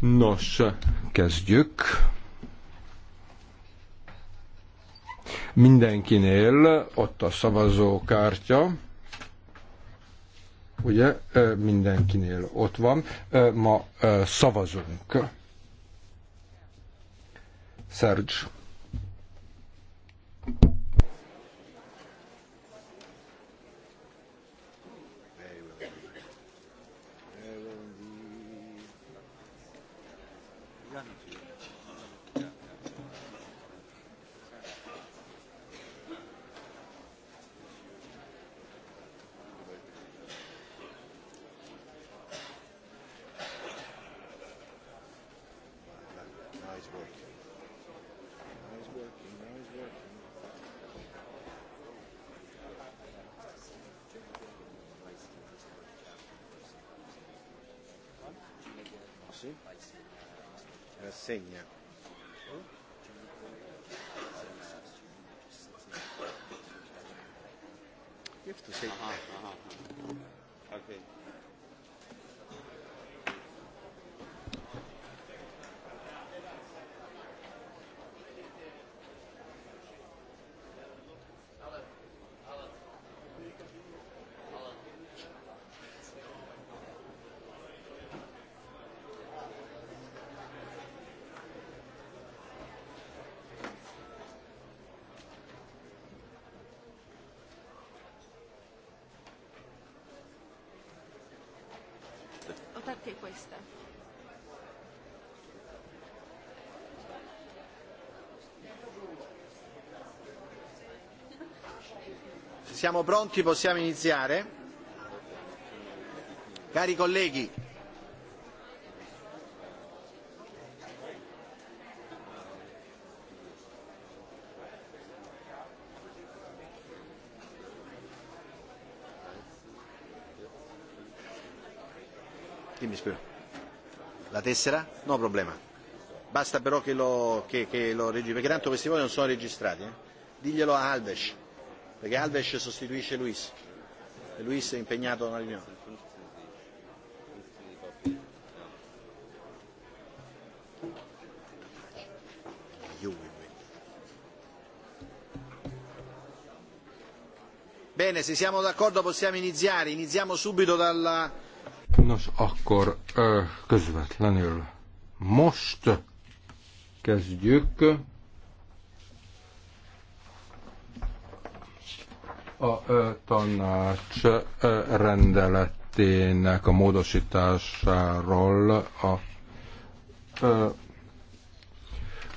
Nos, kezdjük. Mindenkinél ott a szavazókártya. Ugye, mindenkinél ott van. Ma szavazunk. Serge. Sí rassegna. You have to say. uh-huh, uh-huh. perché questa? siamo pronti possiamo iniziare. Cari colleghi, La tessera? No problema. Basta però che lo, che, che lo registri, perché tanto questi voti non sono registrati. Eh? Diglielo a Alves, perché Alves sostituisce Luis. E Luis è impegnato nella riunione. Eh. Bene, se siamo d'accordo possiamo iniziare. Iniziamo subito dalla Nos, akkor közvetlenül most kezdjük a tanács rendeletének a módosításáról a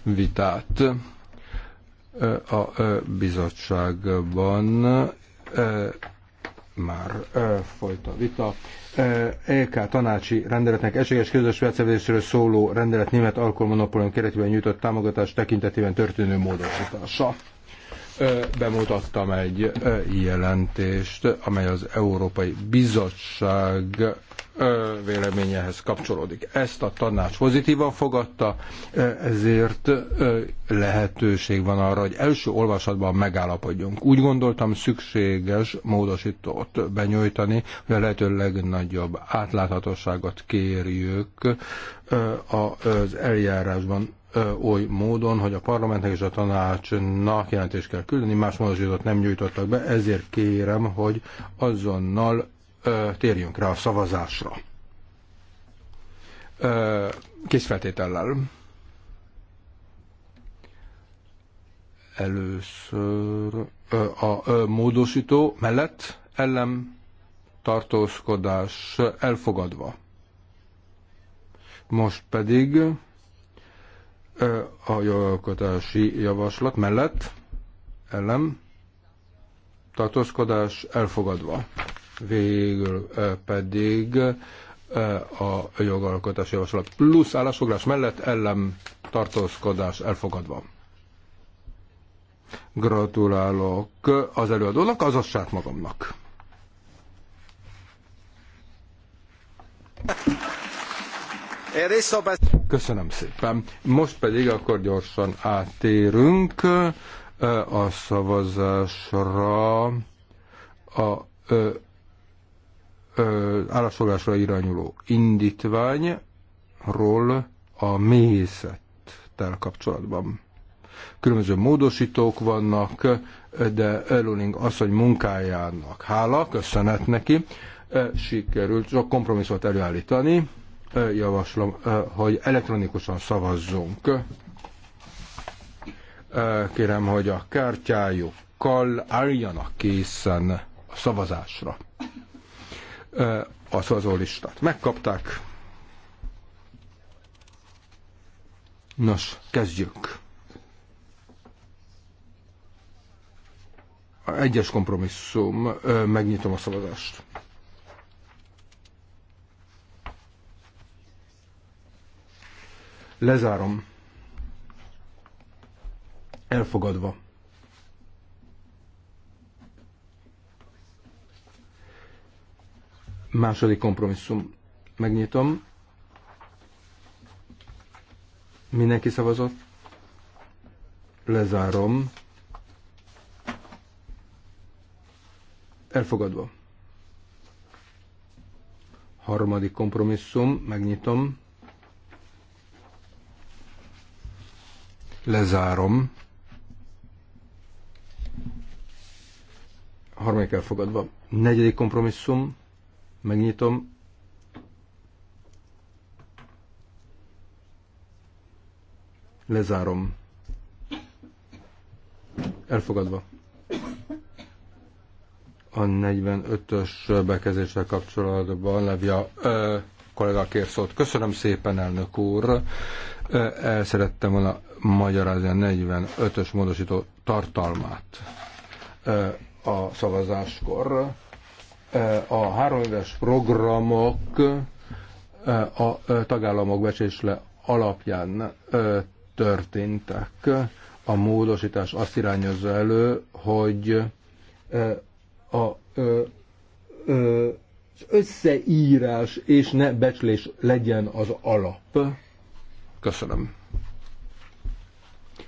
vitát a bizottságban már ö, folyt a vita. EK tanácsi rendeletnek esélyes közös vecevésről szóló rendelet német alkoholmonopólium keretében nyújtott támogatás tekintetében történő módosítása. Ö, bemutattam egy ö, jelentést, amely az Európai Bizottság véleményehez kapcsolódik. Ezt a tanács pozitívan fogadta, ezért lehetőség van arra, hogy első olvasatban megállapodjunk. Úgy gondoltam szükséges módosítót benyújtani, hogy a lehető legnagyobb átláthatóságot kérjük az eljárásban oly módon, hogy a parlamentnek és a tanácsnak jelentést kell küldeni, más módosítót nem nyújtottak be, ezért kérem, hogy azonnal térjünk rá a szavazásra. Készfeltétellel. Először a módosító mellett ellen tartózkodás elfogadva. Most pedig a jogalkotási javaslat mellett ellen tartózkodás elfogadva végül pedig a jogalkotási javaslat plusz állásfoglás mellett ellen tartózkodás elfogadva. Gratulálok az előadónak, az sát magamnak. Köszönöm szépen. Most pedig akkor gyorsan áttérünk a szavazásra a állásolásra irányuló indítványról a méhészettel kapcsolatban. Különböző módosítók vannak, de Erling asszony munkájának hála, köszönet neki, sikerült sok kompromisszumot előállítani. Javaslom, hogy elektronikusan szavazzunk. Kérem, hogy a kártyájukkal álljanak készen a szavazásra a szavazólistát. Megkapták. Nos, kezdjük. A egyes kompromisszum, megnyitom a szavazást. Lezárom. Elfogadva. Második kompromisszum. Megnyitom. Mindenki szavazott? Lezárom. Elfogadva. Harmadik kompromisszum. Megnyitom. Lezárom. Harmadik elfogadva. Negyedik kompromisszum. Megnyitom. Lezárom. Elfogadva. A 45-ös bekezéssel kapcsolatban Levia ö, kollega kér szót. Köszönöm szépen, elnök úr. El szerettem volna magyarázni a 45-ös módosító tartalmát a szavazáskor a három éves programok a tagállamok becsésle alapján történtek. A módosítás azt irányozza elő, hogy a az összeírás és ne becslés legyen az alap. Köszönöm.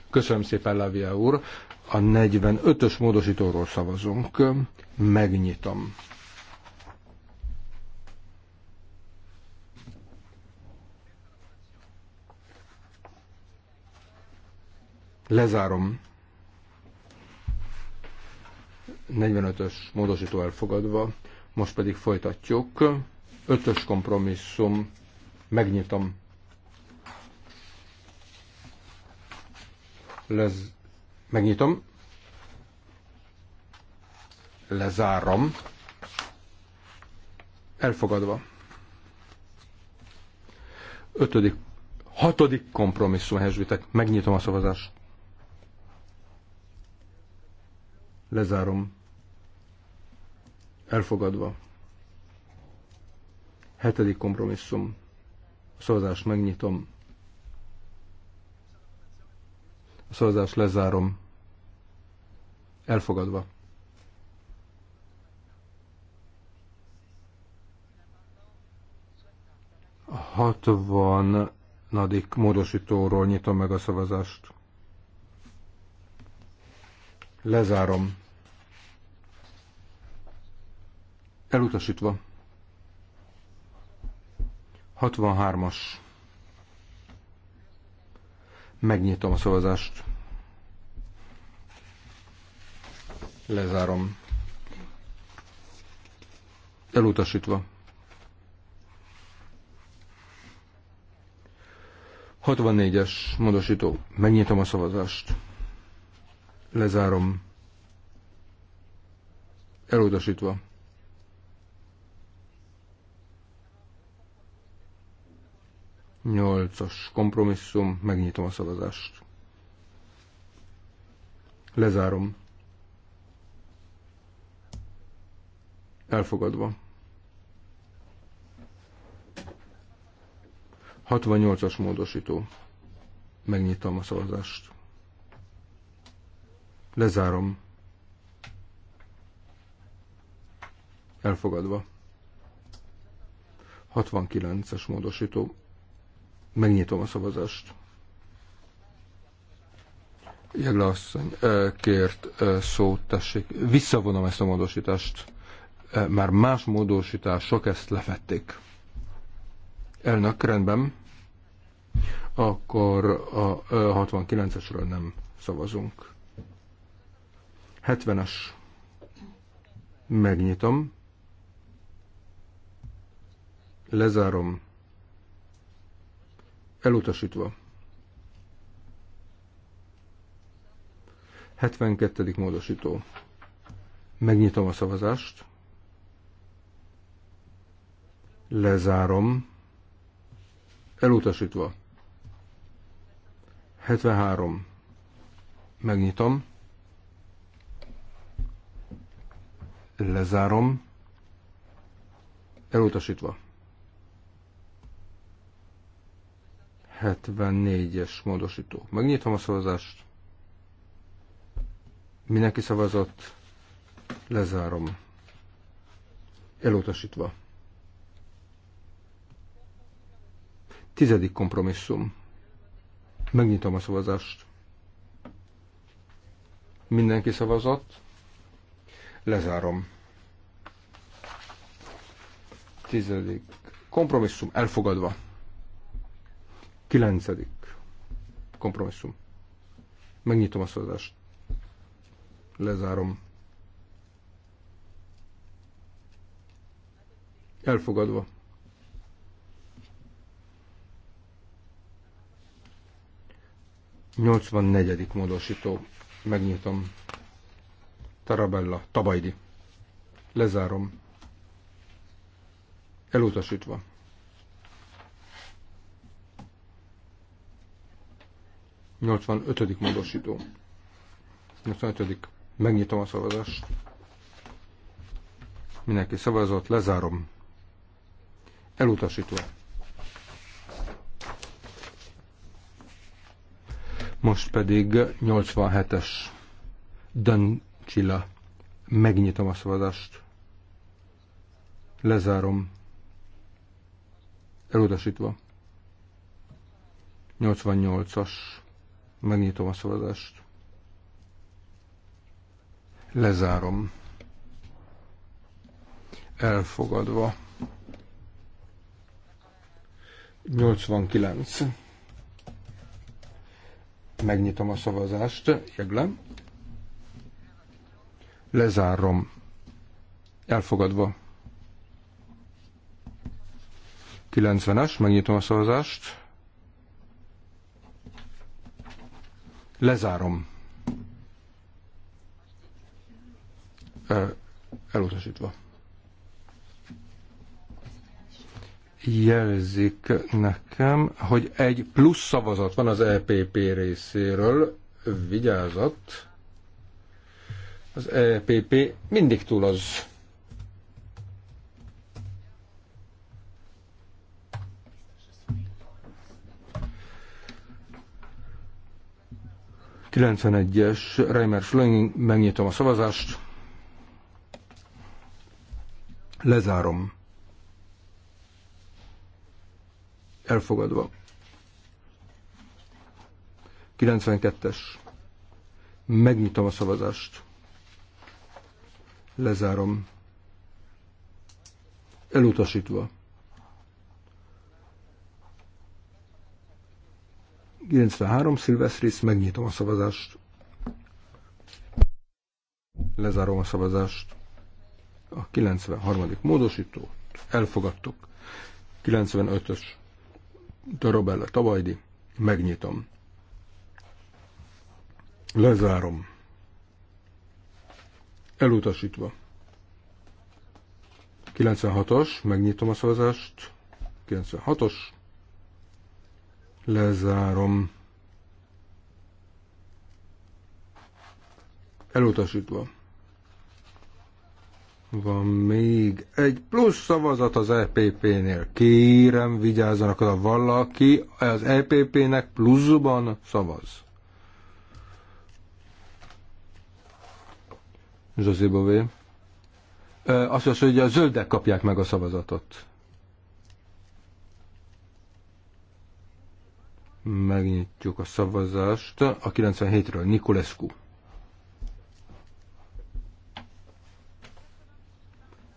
Köszönöm szépen, Lávia úr. A 45-ös módosítóról szavazunk. Megnyitom. Lezárom. 45-ös módosító elfogadva. Most pedig folytatjuk. 5-ös kompromisszum. Megnyitom. Lez... Megnyitom. Lezárom. Elfogadva. Ötödik, hatodik kompromisszum, Hezsvitek. Megnyitom a szavazást. Lezárom. Elfogadva. Hetedik kompromisszum. A szavazást megnyitom. A szavazást lezárom. Elfogadva. A hatvanadik módosítóról nyitom meg a szavazást. Lezárom. Elutasítva. 63-as. Megnyitom a szavazást. Lezárom. Elutasítva. 64-es módosító. Megnyitom a szavazást. Lezárom. Elutasítva. Nyolcas kompromisszum, megnyitom a szavazást. Lezárom. Elfogadva. 68-as módosító. Megnyitom a szavazást. Lezárom. Elfogadva. 69-es módosító. Megnyitom a szavazást. Jegle asszony kért szót, tessék. Visszavonom ezt a módosítást. Már más módosítások ezt lefették. Elnök, rendben. Akkor a 69-esről nem szavazunk. 70-es. Megnyitom. Lezárom. Elutasítva. 72. módosító. Megnyitom a szavazást. Lezárom. Elutasítva. 73. Megnyitom. Lezárom. Elutasítva. 74-es módosító. Megnyitom a szavazást. Mindenki szavazott. Lezárom. Elutasítva. Tizedik kompromisszum. Megnyitom a szavazást. Mindenki szavazott. Lezárom. Tizedik. Kompromisszum elfogadva. Kilencedik. Kompromisszum. Megnyitom a szavazást. Lezárom. Elfogadva. Nyolcvannegyedik módosító. Megnyitom. Tarabella, Tabajdi. Lezárom. Elutasítva. Nyolcvan ötödik módosító. 85. Megnyitom a szavazást. Mindenki szavazott, lezárom. Elutasítva. Most pedig 87-es Csilla. Megnyitom a szavazást. Lezárom. Elutasítva. 88-as. Megnyitom a szavazást. Lezárom. Elfogadva. 89. Megnyitom a szavazást. Jeglem. Lezárom. Elfogadva. 90-es, megnyitom a szavazást. Lezárom. E, elutasítva. Jelzik nekem, hogy egy plusz szavazat van az EPP részéről. Vigyázat! Az EPP mindig túl az. es Reimer Schlöning, megnyitom a szavazást. Lezárom. Elfogadva. 92-es. Megnyitom a szavazást. Lezárom. Elutasítva. 93 szilveszrész, megnyitom a szavazást. Lezárom a szavazást. A 93. módosító. Elfogadtuk. 95-ös Darabella Tavajdi. Megnyitom. Lezárom. Elutasítva. 96-os, megnyitom a szavazást. 96-os. Lezárom. Elutasítva. Van még egy plusz szavazat az EPP-nél. Kérem, vigyázzanak oda valaki, az EPP-nek pluszban szavaz. José Bové. Azt mondja, hogy a zöldek kapják meg a szavazatot. Megnyitjuk a szavazást. A 97-ről Nikolescu.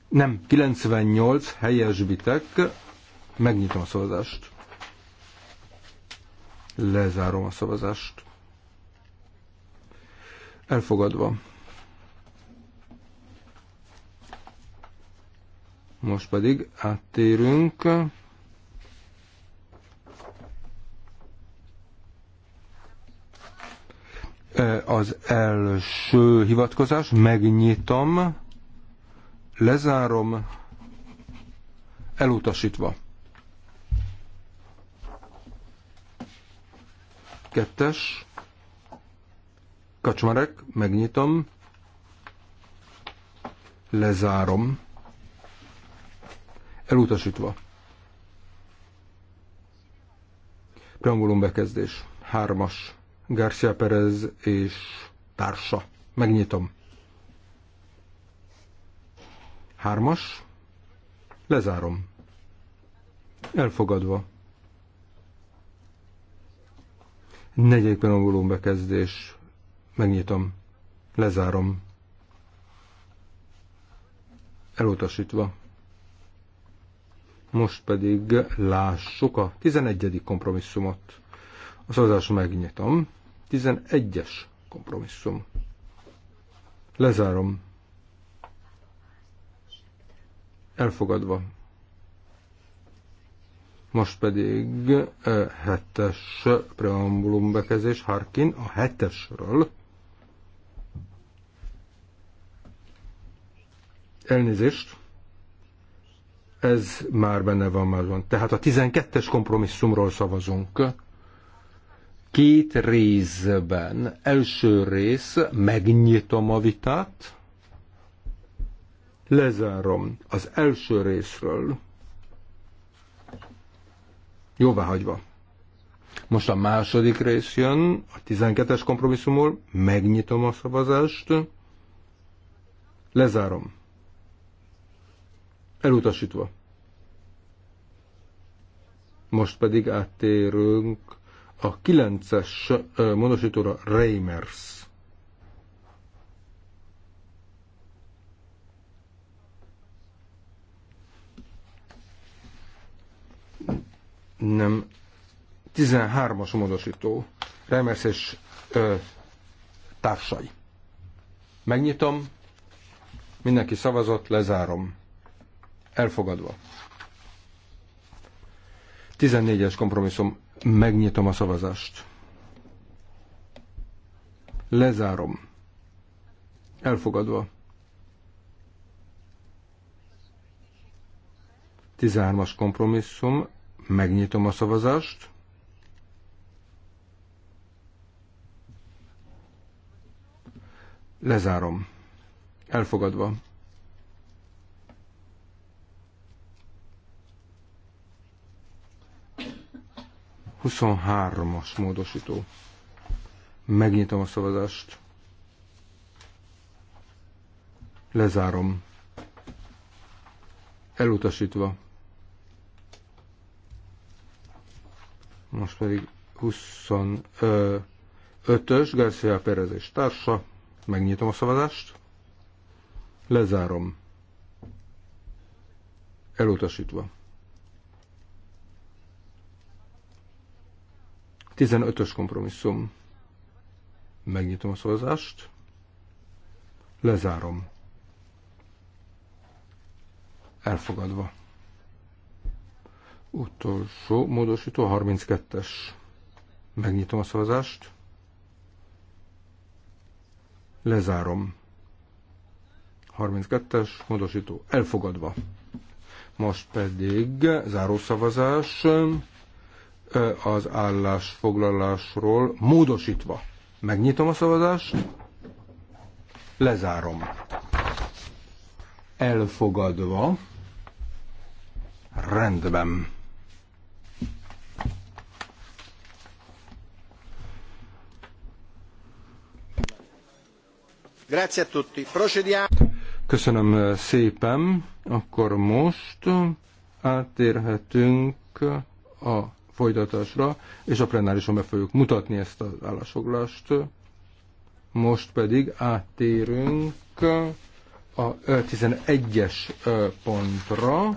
Nem, 98 helyesbitek. Megnyitom a szavazást. Lezárom a szavazást. Elfogadva. Most pedig áttérünk e, az első hivatkozás, megnyitom, lezárom, elutasítva. Kettes, kacsmarek, megnyitom, lezárom, Elutasítva. Preambulum bekezdés. Hármas. Garcia Perez és társa. Megnyitom. Hármas. Lezárom. Elfogadva. Negyedik preambulum bekezdés. Megnyitom. Lezárom. Elutasítva. Most pedig lássuk a 11. kompromisszumot. A szavazást megnyitom. 11-es kompromisszum. Lezárom. Elfogadva. Most pedig 7-es preambulum bekezés Harkin a 7-esről. Elnézést. Ez már benne van azon. Tehát a 12-es kompromisszumról szavazunk. Két részben. Első rész, megnyitom a vitát, lezárom az első részről. hagyva. Most a második rész jön, a 12-es kompromisszumról, megnyitom a szavazást, lezárom. Elutasítva. Most pedig áttérünk a 9-es módosítóra Reimers. Nem, 13-as módosító. Reimers és ö, társai. Megnyitom, mindenki szavazott, lezárom. Elfogadva. 14-es kompromisszum. Megnyitom a szavazást. Lezárom. Elfogadva. 13-as kompromisszum. Megnyitom a szavazást. Lezárom. Elfogadva. 23-as módosító. Megnyitom a szavazást. Lezárom. Elutasítva. Most pedig 25-ös Garcia Perez és társa. Megnyitom a szavazást. Lezárom. Elutasítva. 15-ös kompromisszum. Megnyitom a szavazást. Lezárom. Elfogadva. Utolsó módosító 32-es. Megnyitom a szavazást. Lezárom. 32-es módosító elfogadva. Most pedig zárószavazás. szavazás az állásfoglalásról módosítva. Megnyitom a szavazást, lezárom. Elfogadva, rendben. Grazie a tutti. Procediamo. Köszönöm szépen. Akkor most átérhetünk a folytatásra, és a plenárison be fogjuk mutatni ezt az állásfoglalást. Most pedig áttérünk a 11-es pontra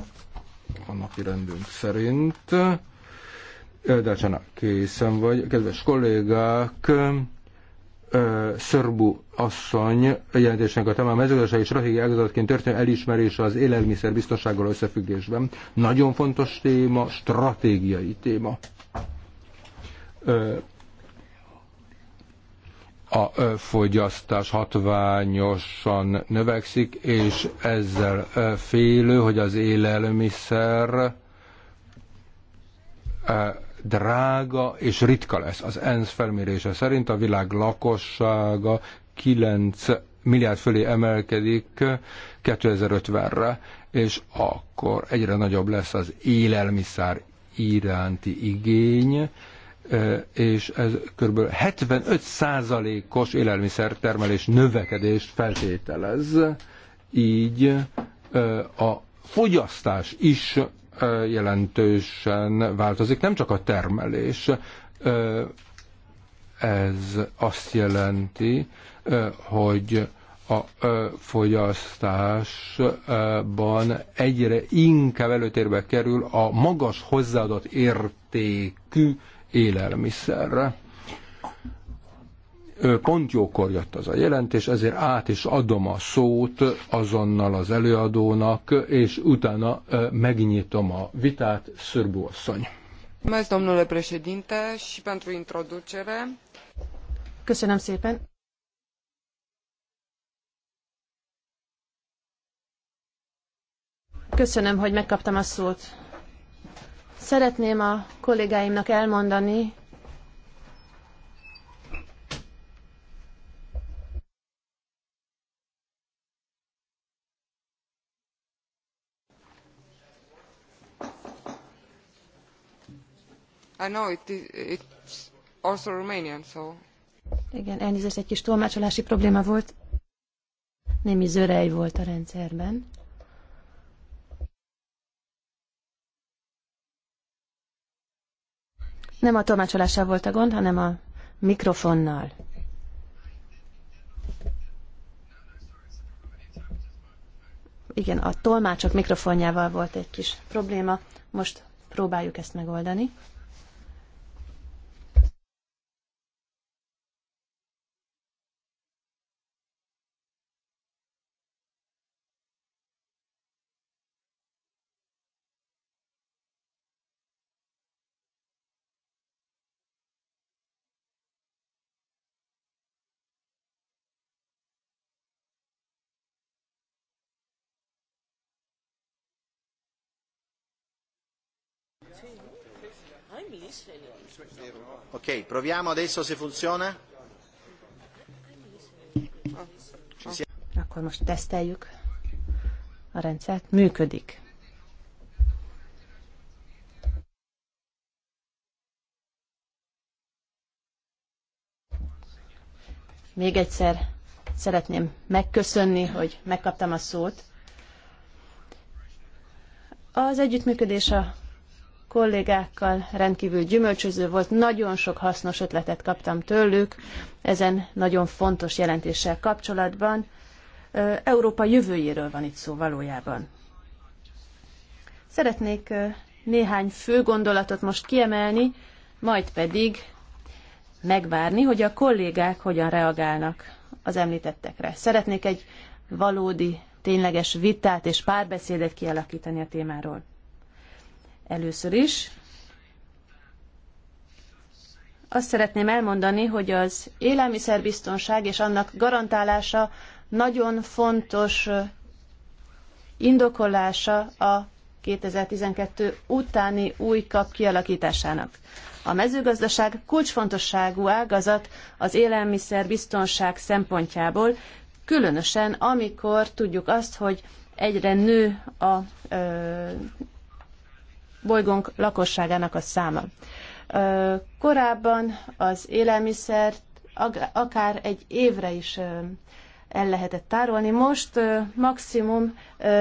a napi rendünk szerint. Dácsana, készen vagy. Kedves kollégák, Szörbu asszony jelentésnek a tema a mezőgazdasági stratégiai ágazatként történő elismerése az biztonsággal összefüggésben. Nagyon fontos téma, stratégiai téma. A fogyasztás hatványosan növekszik, és ezzel félő, hogy az élelmiszer drága és ritka lesz. Az ENSZ felmérése szerint a világ lakossága 9 milliárd fölé emelkedik 2050-re, és akkor egyre nagyobb lesz az élelmiszár iránti igény, eh, és ez kb. 75%-os élelmiszertermelés növekedést feltételez, így eh, a fogyasztás is jelentősen változik, nem csak a termelés. Ez azt jelenti, hogy a fogyasztásban egyre inkább előtérbe kerül a magas hozzáadott értékű élelmiszerre pont jókor jött az a jelentés, ezért át is adom a szót azonnal az előadónak, és utána megnyitom a vitát, Szörbú asszony. Köszönöm szépen. Köszönöm, hogy megkaptam a szót. Szeretném a kollégáimnak elmondani, Igen, elnézést, egy kis tolmácsolási probléma volt. Némi zörej volt a rendszerben. Nem a tolmácsolással volt a gond, hanem a mikrofonnal. Igen, a tolmácsok mikrofonjával volt egy kis probléma. Most próbáljuk ezt megoldani. Ok, proviamo adesso se funziona. Akkor most teszteljük a rendszert. Működik. Még egyszer szeretném megköszönni, hogy megkaptam a szót. Az együttműködés a kollégákkal, rendkívül gyümölcsöző volt, nagyon sok hasznos ötletet kaptam tőlük ezen nagyon fontos jelentéssel kapcsolatban. Európa jövőjéről van itt szó valójában. Szeretnék néhány fő gondolatot most kiemelni, majd pedig megvárni, hogy a kollégák hogyan reagálnak az említettekre. Szeretnék egy valódi, tényleges vitát és párbeszédet kialakítani a témáról. Először is azt szeretném elmondani, hogy az élelmiszerbiztonság és annak garantálása nagyon fontos indokolása a 2012 utáni új kap kialakításának. A mezőgazdaság kulcsfontosságú ágazat az élelmiszerbiztonság szempontjából, különösen amikor tudjuk azt, hogy egyre nő a ö, bolygónk lakosságának a száma. Korábban az élelmiszert akár egy évre is el lehetett tárolni. Most maximum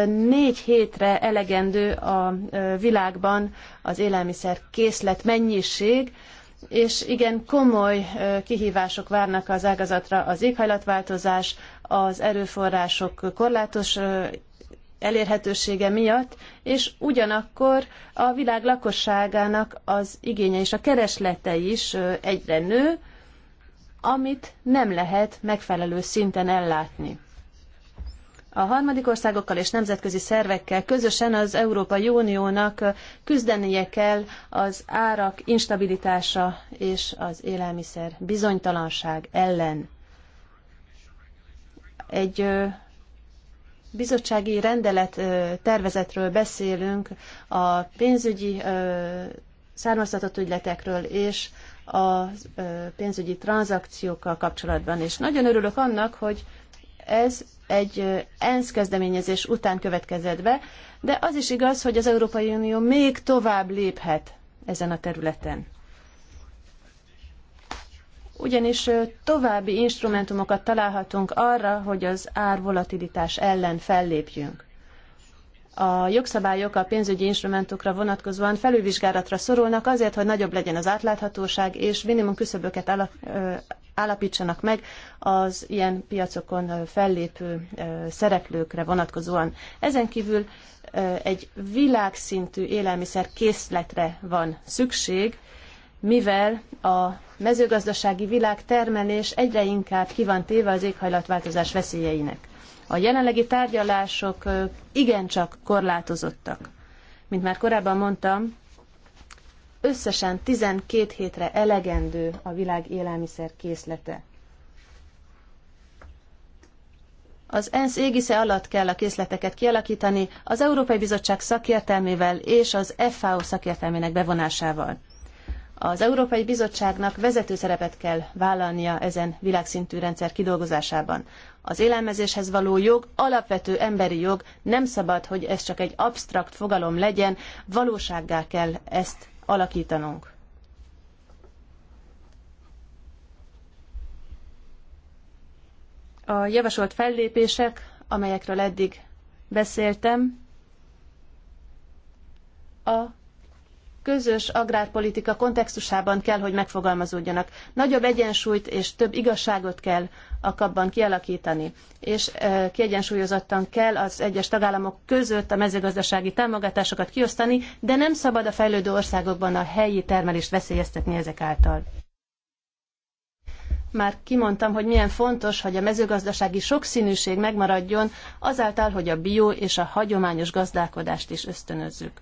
négy hétre elegendő a világban az élelmiszer készlet mennyiség, és igen komoly kihívások várnak az ágazatra az éghajlatváltozás, az erőforrások korlátos elérhetősége miatt, és ugyanakkor a világ lakosságának az igénye és a kereslete is egyre nő, amit nem lehet megfelelő szinten ellátni. A harmadik országokkal és nemzetközi szervekkel közösen az Európai Uniónak küzdenie kell az árak instabilitása és az élelmiszer bizonytalanság ellen. Egy bizottsági rendelet tervezetről beszélünk, a pénzügyi származtatott ügyletekről és a pénzügyi tranzakciókkal kapcsolatban. És nagyon örülök annak, hogy ez egy ENSZ kezdeményezés után következett be, de az is igaz, hogy az Európai Unió még tovább léphet ezen a területen ugyanis további instrumentumokat találhatunk arra, hogy az árvolatilitás ellen fellépjünk. A jogszabályok a pénzügyi instrumentokra vonatkozóan felülvizsgálatra szorulnak azért, hogy nagyobb legyen az átláthatóság, és minimum küszöböket állapítsanak meg az ilyen piacokon fellépő szereplőkre vonatkozóan. Ezen kívül egy világszintű élelmiszer készletre van szükség, mivel a mezőgazdasági világ termelés egyre inkább ki van téve az éghajlatváltozás veszélyeinek. A jelenlegi tárgyalások igencsak korlátozottak. Mint már korábban mondtam, összesen 12 hétre elegendő a világ élelmiszer készlete. Az ENSZ égisze alatt kell a készleteket kialakítani az Európai Bizottság szakértelmével és az FAO szakértelmének bevonásával. Az Európai Bizottságnak vezető szerepet kell vállalnia ezen világszintű rendszer kidolgozásában. Az élelmezéshez való jog alapvető emberi jog, nem szabad, hogy ez csak egy absztrakt fogalom legyen, valósággá kell ezt alakítanunk. A javasolt fellépések, amelyekről eddig beszéltem, a közös agrárpolitika kontextusában kell, hogy megfogalmazódjanak. Nagyobb egyensúlyt és több igazságot kell a kapban kialakítani, és kiegyensúlyozottan kell az egyes tagállamok között a mezőgazdasági támogatásokat kiosztani, de nem szabad a fejlődő országokban a helyi termelést veszélyeztetni ezek által. Már kimondtam, hogy milyen fontos, hogy a mezőgazdasági sokszínűség megmaradjon azáltal, hogy a bio és a hagyományos gazdálkodást is ösztönözzük.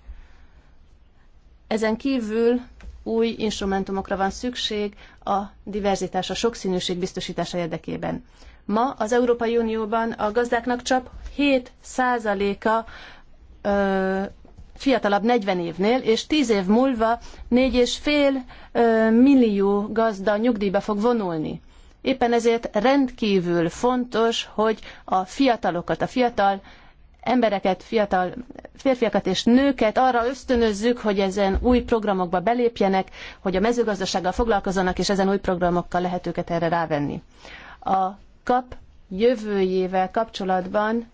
Ezen kívül új instrumentumokra van szükség a diverzitás, a sokszínűség biztosítása érdekében. Ma az Európai Unióban a gazdáknak csak 7%-a fiatalabb 40 évnél, és 10 év múlva 4,5 millió gazda nyugdíjba fog vonulni. Éppen ezért rendkívül fontos, hogy a fiatalokat, a fiatal embereket, fiatal férfiakat és nőket arra ösztönözzük, hogy ezen új programokba belépjenek, hogy a mezőgazdasággal foglalkozzanak, és ezen új programokkal lehet őket erre rávenni. A kap jövőjével kapcsolatban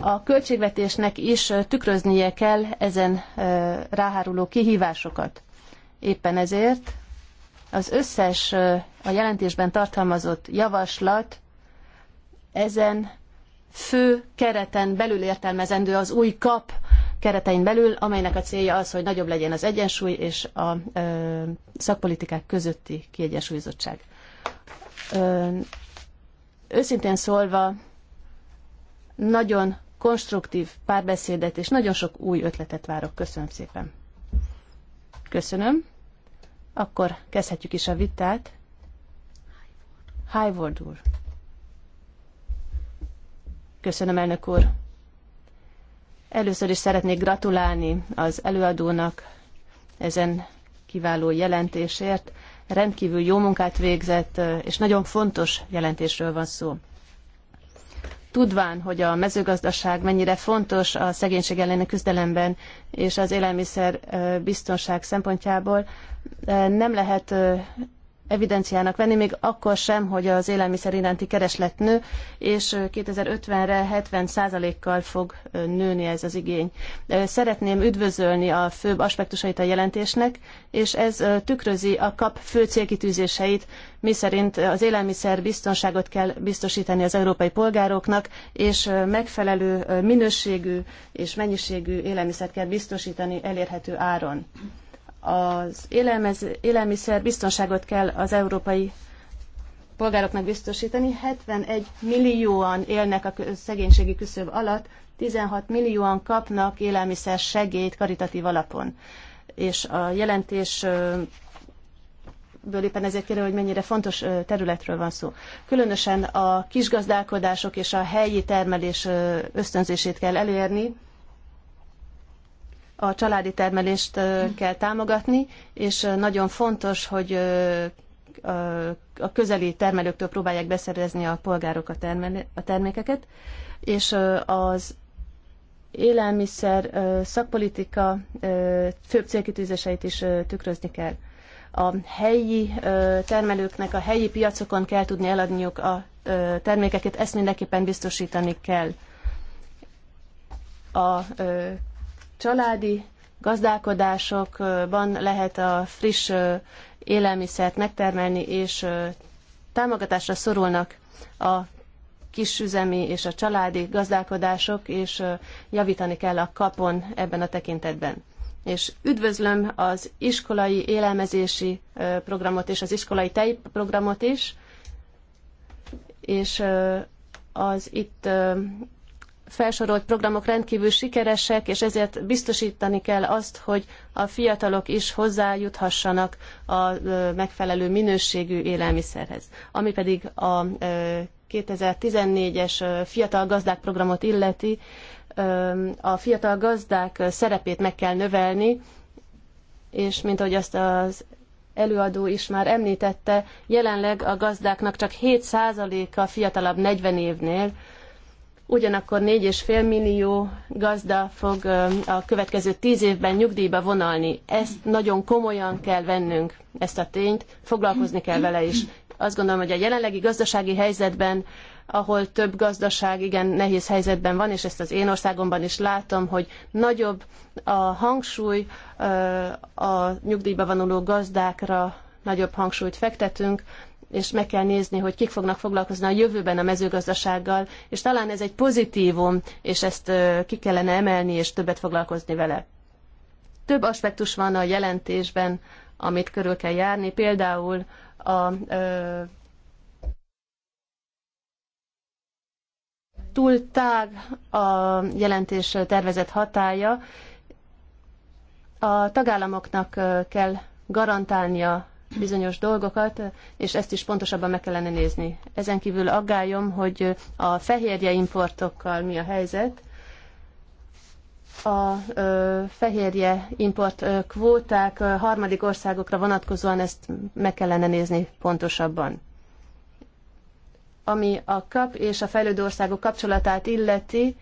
a költségvetésnek is tükröznie kell ezen ráháruló kihívásokat. Éppen ezért az összes a jelentésben tartalmazott javaslat ezen fő kereten belül értelmezendő az új kap keretein belül, amelynek a célja az, hogy nagyobb legyen az egyensúly és a ö, szakpolitikák közötti kiegyensúlyozottság. Ö, őszintén szólva, nagyon konstruktív párbeszédet és nagyon sok új ötletet várok. Köszönöm szépen. Köszönöm. Akkor kezdhetjük is a vitát. Highward Köszönöm, elnök úr. Először is szeretnék gratulálni az előadónak ezen kiváló jelentésért. Rendkívül jó munkát végzett, és nagyon fontos jelentésről van szó. Tudván, hogy a mezőgazdaság mennyire fontos a szegénység elleni küzdelemben és az élelmiszer biztonság szempontjából, nem lehet evidenciának venni, még akkor sem, hogy az élelmiszer iránti kereslet nő, és 2050-re 70 százalékkal fog nőni ez az igény. Szeretném üdvözölni a főbb aspektusait a jelentésnek, és ez tükrözi a kap fő célkitűzéseit, miszerint az élelmiszer biztonságot kell biztosítani az európai polgároknak, és megfelelő minőségű és mennyiségű élelmiszert kell biztosítani elérhető áron. Az élelmez, élelmiszer biztonságot kell az európai polgároknak biztosítani. 71 millióan élnek a szegénységi küszöb alatt, 16 millióan kapnak élelmiszer segélyt karitatív alapon. És a jelentés ből éppen ezért kérem, hogy mennyire fontos területről van szó. Különösen a kisgazdálkodások és a helyi termelés ösztönzését kell elérni, a családi termelést kell támogatni, és nagyon fontos, hogy a közeli termelőktől próbálják beszerezni a polgárok a, termel- a termékeket, és az élelmiszer szakpolitika főbb célkitűzéseit is tükrözni kell. A helyi termelőknek a helyi piacokon kell tudni eladniuk a termékeket, ezt mindenképpen biztosítani kell. A családi gazdálkodásokban lehet a friss élelmiszert megtermelni, és támogatásra szorulnak a kisüzemi és a családi gazdálkodások, és javítani kell a kapon ebben a tekintetben. És üdvözlöm az iskolai élelmezési programot és az iskolai tejprogramot is, és az itt felsorolt programok rendkívül sikeresek, és ezért biztosítani kell azt, hogy a fiatalok is hozzájuthassanak a megfelelő minőségű élelmiszerhez. Ami pedig a 2014-es fiatal gazdák programot illeti, a fiatal gazdák szerepét meg kell növelni, és mint ahogy azt az előadó is már említette, jelenleg a gazdáknak csak 7%-a fiatalabb 40 évnél, ugyanakkor 4,5 millió gazda fog a következő 10 évben nyugdíjba vonalni. Ezt nagyon komolyan kell vennünk, ezt a tényt, foglalkozni kell vele is. Azt gondolom, hogy a jelenlegi gazdasági helyzetben, ahol több gazdaság igen nehéz helyzetben van, és ezt az én országomban is látom, hogy nagyobb a hangsúly a nyugdíjba vonuló gazdákra, nagyobb hangsúlyt fektetünk, és meg kell nézni, hogy kik fognak foglalkozni a jövőben a mezőgazdasággal, és talán ez egy pozitívum, és ezt ki kellene emelni, és többet foglalkozni vele. Több aspektus van a jelentésben, amit körül kell járni, például a ö, túl tág a jelentés tervezett hatája, a tagállamoknak kell garantálnia bizonyos dolgokat, és ezt is pontosabban meg kellene nézni. Ezen kívül aggályom, hogy a fehérje importokkal mi a helyzet. A ö, fehérje import ö, kvóták ö, harmadik országokra vonatkozóan ezt meg kellene nézni pontosabban. Ami a kap és a fejlődő országok kapcsolatát illeti,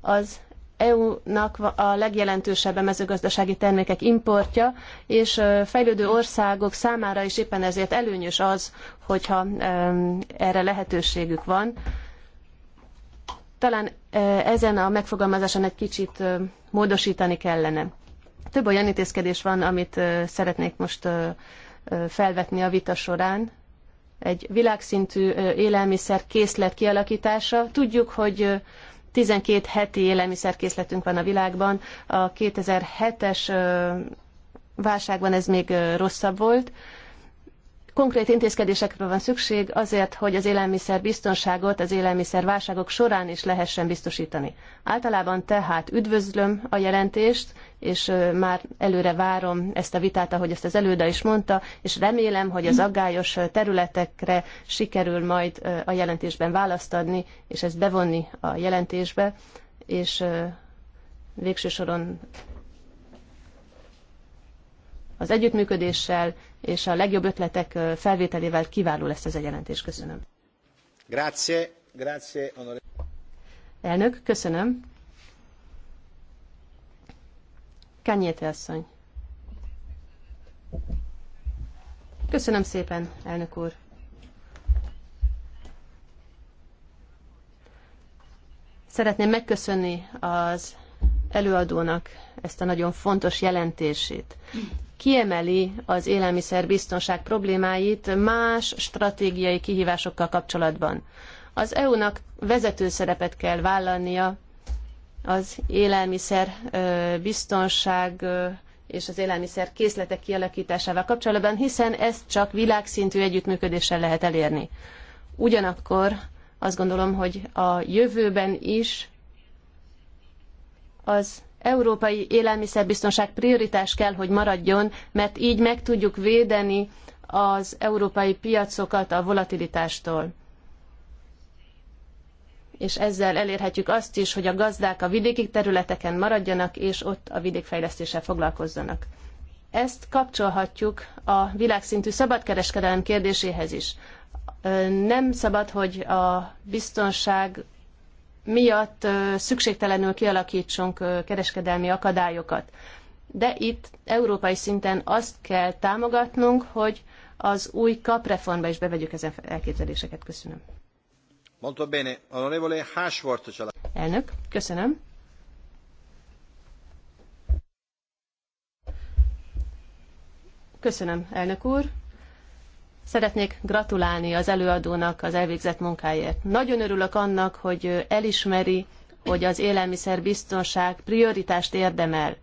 az EU-nak a legjelentősebb a mezőgazdasági termékek importja, és fejlődő országok számára is éppen ezért előnyös az, hogyha erre lehetőségük van. Talán ezen a megfogalmazáson egy kicsit módosítani kellene. Több olyan intézkedés van, amit szeretnék most felvetni a vita során, egy világszintű élelmiszer készlet kialakítása. Tudjuk, hogy 12 heti élelmiszerkészletünk van a világban. A 2007-es válságban ez még rosszabb volt. Konkrét intézkedésekre van szükség azért, hogy az élelmiszer biztonságot az élelmiszer válságok során is lehessen biztosítani. Általában tehát üdvözlöm a jelentést, és már előre várom ezt a vitát, ahogy ezt az előda is mondta, és remélem, hogy az aggályos területekre sikerül majd a jelentésben választ adni, és ezt bevonni a jelentésbe, és végső soron az együttműködéssel és a legjobb ötletek felvételével kiváló lesz ez a jelentés. Köszönöm. Grazie, grazie, Elnök, köszönöm. Kanyete asszony. Köszönöm szépen, elnök úr. Szeretném megköszönni az előadónak ezt a nagyon fontos jelentését kiemeli az élelmiszerbiztonság problémáit más stratégiai kihívásokkal kapcsolatban. Az EU-nak vezető szerepet kell vállalnia az élelmiszer biztonság és az élelmiszer készletek kialakításával kapcsolatban, hiszen ezt csak világszintű együttműködéssel lehet elérni. Ugyanakkor azt gondolom, hogy a jövőben is az európai élelmiszerbiztonság prioritás kell, hogy maradjon, mert így meg tudjuk védeni az európai piacokat a volatilitástól. És ezzel elérhetjük azt is, hogy a gazdák a vidéki területeken maradjanak, és ott a vidékfejlesztéssel foglalkozzanak. Ezt kapcsolhatjuk a világszintű szabadkereskedelem kérdéséhez is. Nem szabad, hogy a biztonság miatt szükségtelenül kialakítsunk kereskedelmi akadályokat. De itt európai szinten azt kell támogatnunk, hogy az új reformba is bevegyük ezen elképzeléseket. Köszönöm. Molto bene. Onorevole Hashworth. Elnök, köszönöm. Köszönöm, elnök úr. Szeretnék gratulálni az előadónak az elvégzett munkáért. Nagyon örülök annak, hogy elismeri, hogy az élelmiszerbiztonság prioritást érdemel.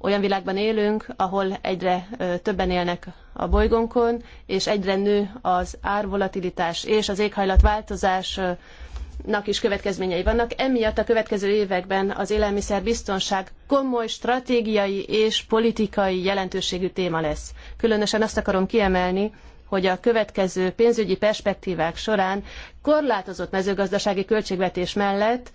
Olyan világban élünk, ahol egyre többen élnek a bolygónkon, és egyre nő az árvolatilitás és az éghajlatváltozásnak is következményei vannak. Emiatt a következő években az élelmiszerbiztonság komoly stratégiai és politikai jelentőségű téma lesz. Különösen azt akarom kiemelni, hogy a következő pénzügyi perspektívák során korlátozott mezőgazdasági költségvetés mellett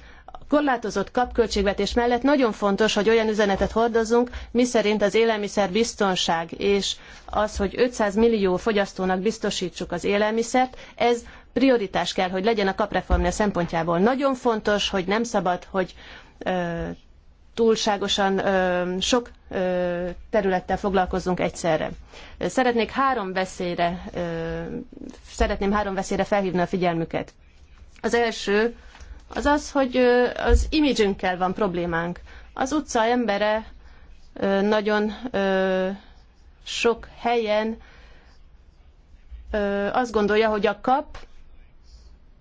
korlátozott kapköltségvetés mellett nagyon fontos, hogy olyan üzenetet hordozzunk, miszerint az élelmiszer biztonság és az, hogy 500 millió fogyasztónak biztosítsuk az élelmiszert, ez prioritás kell, hogy legyen a kapreformja szempontjából. Nagyon fontos, hogy nem szabad, hogy túlságosan sok területtel foglalkozzunk egyszerre. Szeretnék három veszélyre, szeretném három veszélyre felhívni a figyelmüket. Az első az az, hogy az imidzsünkkel van problémánk. Az utca embere nagyon sok helyen azt gondolja, hogy a kap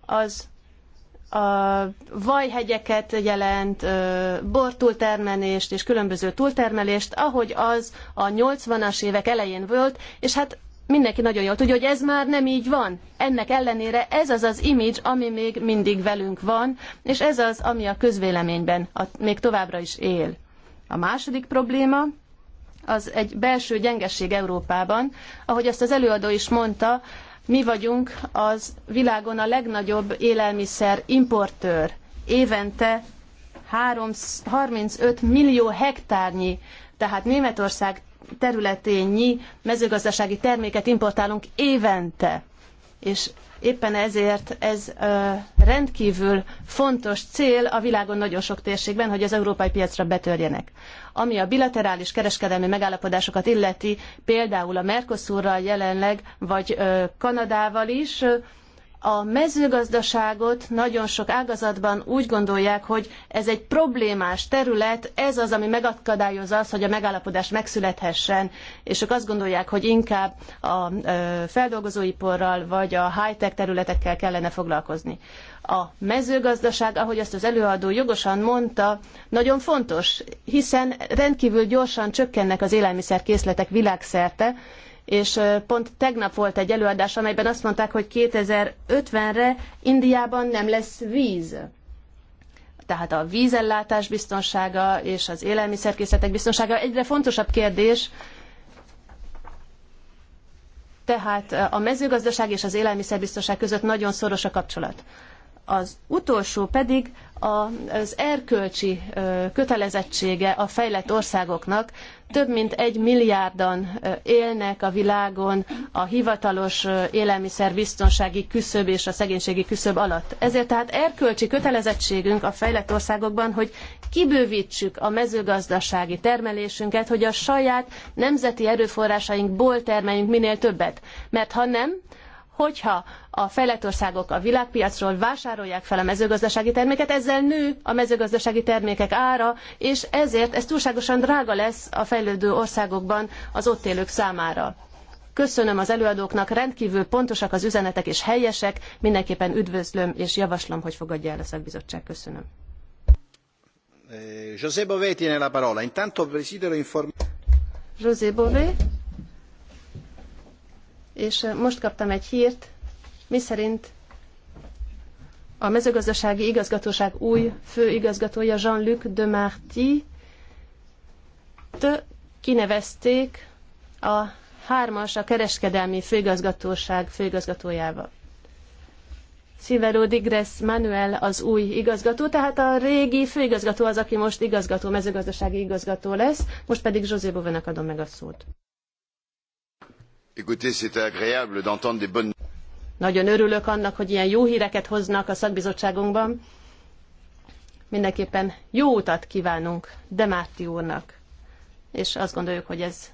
az a vajhegyeket jelent, bortúltermelést és különböző túltermelést, ahogy az a 80-as évek elején volt, és hát mindenki nagyon jól tudja, hogy ez már nem így van. Ennek ellenére ez az az image, ami még mindig velünk van, és ez az, ami a közvéleményben a, még továbbra is él. A második probléma, az egy belső gyengeség Európában. Ahogy azt az előadó is mondta, mi vagyunk az világon a legnagyobb élelmiszer importőr. Évente 3, 35 millió hektárnyi, tehát Németország területénnyi mezőgazdasági terméket importálunk évente. És Éppen ezért ez rendkívül fontos cél a világon nagyon sok térségben, hogy az európai piacra betörjenek. Ami a bilaterális kereskedelmi megállapodásokat illeti, például a Mercosurral jelenleg, vagy Kanadával is, a mezőgazdaságot nagyon sok ágazatban úgy gondolják, hogy ez egy problémás terület, ez az, ami megakadályozza azt, hogy a megállapodás megszülethessen, és ők azt gondolják, hogy inkább a feldolgozóiporral vagy a high-tech területekkel kellene foglalkozni. A mezőgazdaság, ahogy azt az előadó jogosan mondta, nagyon fontos, hiszen rendkívül gyorsan csökkennek az élelmiszerkészletek világszerte, és pont tegnap volt egy előadás, amelyben azt mondták, hogy 2050-re Indiában nem lesz víz. Tehát a vízellátás biztonsága és az élelmiszerkészletek biztonsága egyre fontosabb kérdés, tehát a mezőgazdaság és az élelmiszerbiztonság között nagyon szoros a kapcsolat. Az utolsó pedig az erkölcsi kötelezettsége a fejlett országoknak. Több mint egy milliárdan élnek a világon a hivatalos élelmiszerbiztonsági küszöb és a szegénységi küszöb alatt. Ezért tehát erkölcsi kötelezettségünk a fejlett országokban, hogy kibővítsük a mezőgazdasági termelésünket, hogy a saját nemzeti erőforrásainkból termeljünk minél többet. Mert ha nem, hogyha a fejlett országok a világpiacról vásárolják fel a mezőgazdasági terméket, ezzel nő a mezőgazdasági termékek ára, és ezért ez túlságosan drága lesz a fejlődő országokban az ott élők számára. Köszönöm az előadóknak, rendkívül pontosak az üzenetek és helyesek, mindenképpen üdvözlöm és javaslom, hogy fogadja el a szakbizottság. Köszönöm. Eh, José Bové tiene la parola. Intanto desidero informare. José Bové és most kaptam egy hírt, miszerint a mezőgazdasági igazgatóság új főigazgatója Jean-Luc de Marty kinevezték a hármas a kereskedelmi főigazgatóság főigazgatójával. Silvero Digres Manuel az új igazgató, tehát a régi főigazgató az, aki most igazgató, mezőgazdasági igazgató lesz, most pedig José Bovenak adom meg a szót. Nagyon örülök annak, hogy ilyen jó híreket hoznak a szakbizottságunkban. Mindenképpen jó utat kívánunk Demárti úrnak, és azt gondoljuk, hogy ez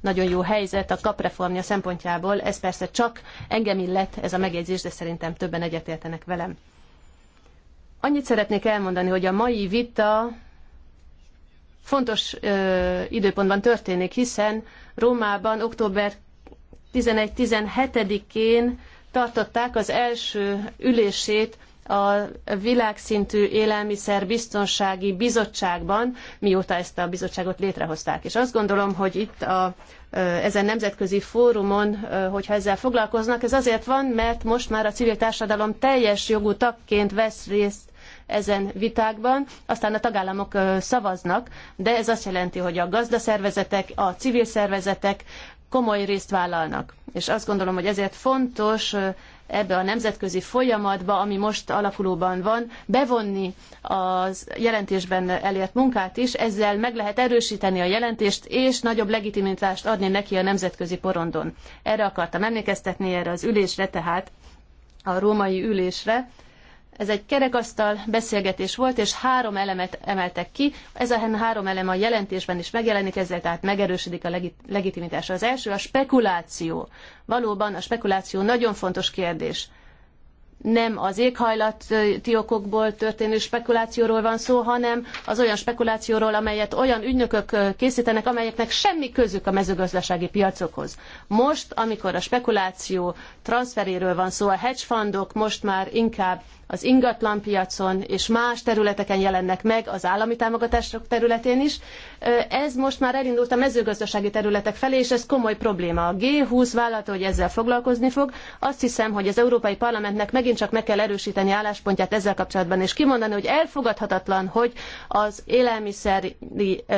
nagyon jó helyzet a reformja szempontjából. Ez persze csak engem illet ez a megjegyzés, de szerintem többen egyetértenek velem. Annyit szeretnék elmondani, hogy a mai vita fontos ö, időpontban történik, hiszen Rómában október 11-17-én tartották az első ülését a világszintű élelmiszerbiztonsági bizottságban, mióta ezt a bizottságot létrehozták. És azt gondolom, hogy itt a, ezen nemzetközi fórumon, hogyha ezzel foglalkoznak, ez azért van, mert most már a civil társadalom teljes jogú tagként vesz részt ezen vitákban, aztán a tagállamok szavaznak, de ez azt jelenti, hogy a gazdaszervezetek, a civil szervezetek, komoly részt vállalnak. És azt gondolom, hogy ezért fontos ebbe a nemzetközi folyamatba, ami most alakulóban van, bevonni az jelentésben elért munkát is, ezzel meg lehet erősíteni a jelentést, és nagyobb legitimitást adni neki a nemzetközi porondon. Erre akartam emlékeztetni, erre az ülésre tehát, a római ülésre, ez egy kerekasztal beszélgetés volt, és három elemet emeltek ki. Ez a három elem a jelentésben is megjelenik, ezzel tehát megerősödik a legit legitimitása. Az első a spekuláció. Valóban a spekuláció nagyon fontos kérdés. Nem az éghajlati okokból történő spekulációról van szó, hanem az olyan spekulációról, amelyet olyan ügynökök készítenek, amelyeknek semmi közük a mezőgazdasági piacokhoz. Most, amikor a spekuláció transferéről van szó, a hedge fundok most már inkább az ingatlanpiacon és más területeken jelennek meg, az állami támogatások területén is. Ez most már elindult a mezőgazdasági területek felé, és ez komoly probléma. A G20 vállalta, hogy ezzel foglalkozni fog. Azt hiszem, hogy az Európai Parlamentnek megint csak meg kell erősíteni álláspontját ezzel kapcsolatban, és kimondani, hogy elfogadhatatlan, hogy az élelmiszeri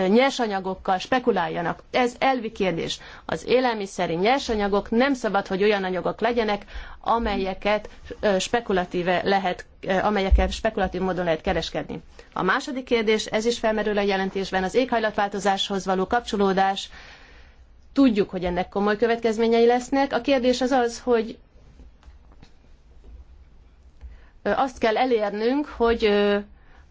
nyersanyagokkal spekuláljanak. Ez elvi kérdés. Az élelmiszeri nyersanyagok nem szabad, hogy olyan anyagok legyenek, amelyeket spekulatíve lehet, amelyekkel spekulatív módon lehet kereskedni. A második kérdés, ez is felmerül a jelentésben, az éghajlatváltozáshoz való kapcsolódás. Tudjuk, hogy ennek komoly következményei lesznek. A kérdés az az, hogy azt kell elérnünk, hogy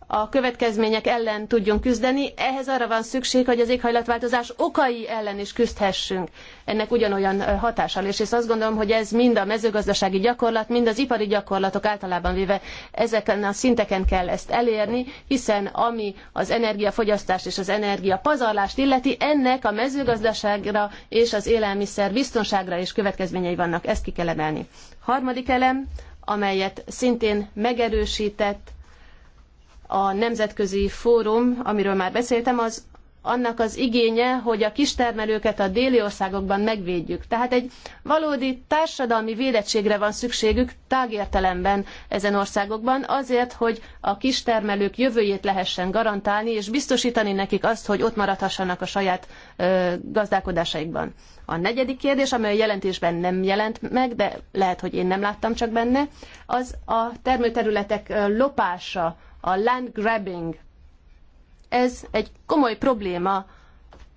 a következmények ellen tudjunk küzdeni, ehhez arra van szükség, hogy az éghajlatváltozás okai ellen is küzdhessünk ennek ugyanolyan hatással. És, és azt gondolom, hogy ez mind a mezőgazdasági gyakorlat, mind az ipari gyakorlatok általában véve ezeken a szinteken kell ezt elérni, hiszen ami az energiafogyasztást és az energiapazarlást illeti, ennek a mezőgazdaságra és az élelmiszer biztonságra is következményei vannak. Ezt ki kell emelni. Harmadik elem, amelyet szintén megerősített a nemzetközi fórum, amiről már beszéltem, az annak az igénye, hogy a kistermelőket a déli országokban megvédjük. Tehát egy valódi társadalmi védettségre van szükségük tágértelemben ezen országokban, azért, hogy a kistermelők jövőjét lehessen garantálni, és biztosítani nekik azt, hogy ott maradhassanak a saját ö, gazdálkodásaikban. A negyedik kérdés, amely a jelentésben nem jelent meg, de lehet, hogy én nem láttam csak benne, az a termőterületek lopása a land grabbing. Ez egy komoly probléma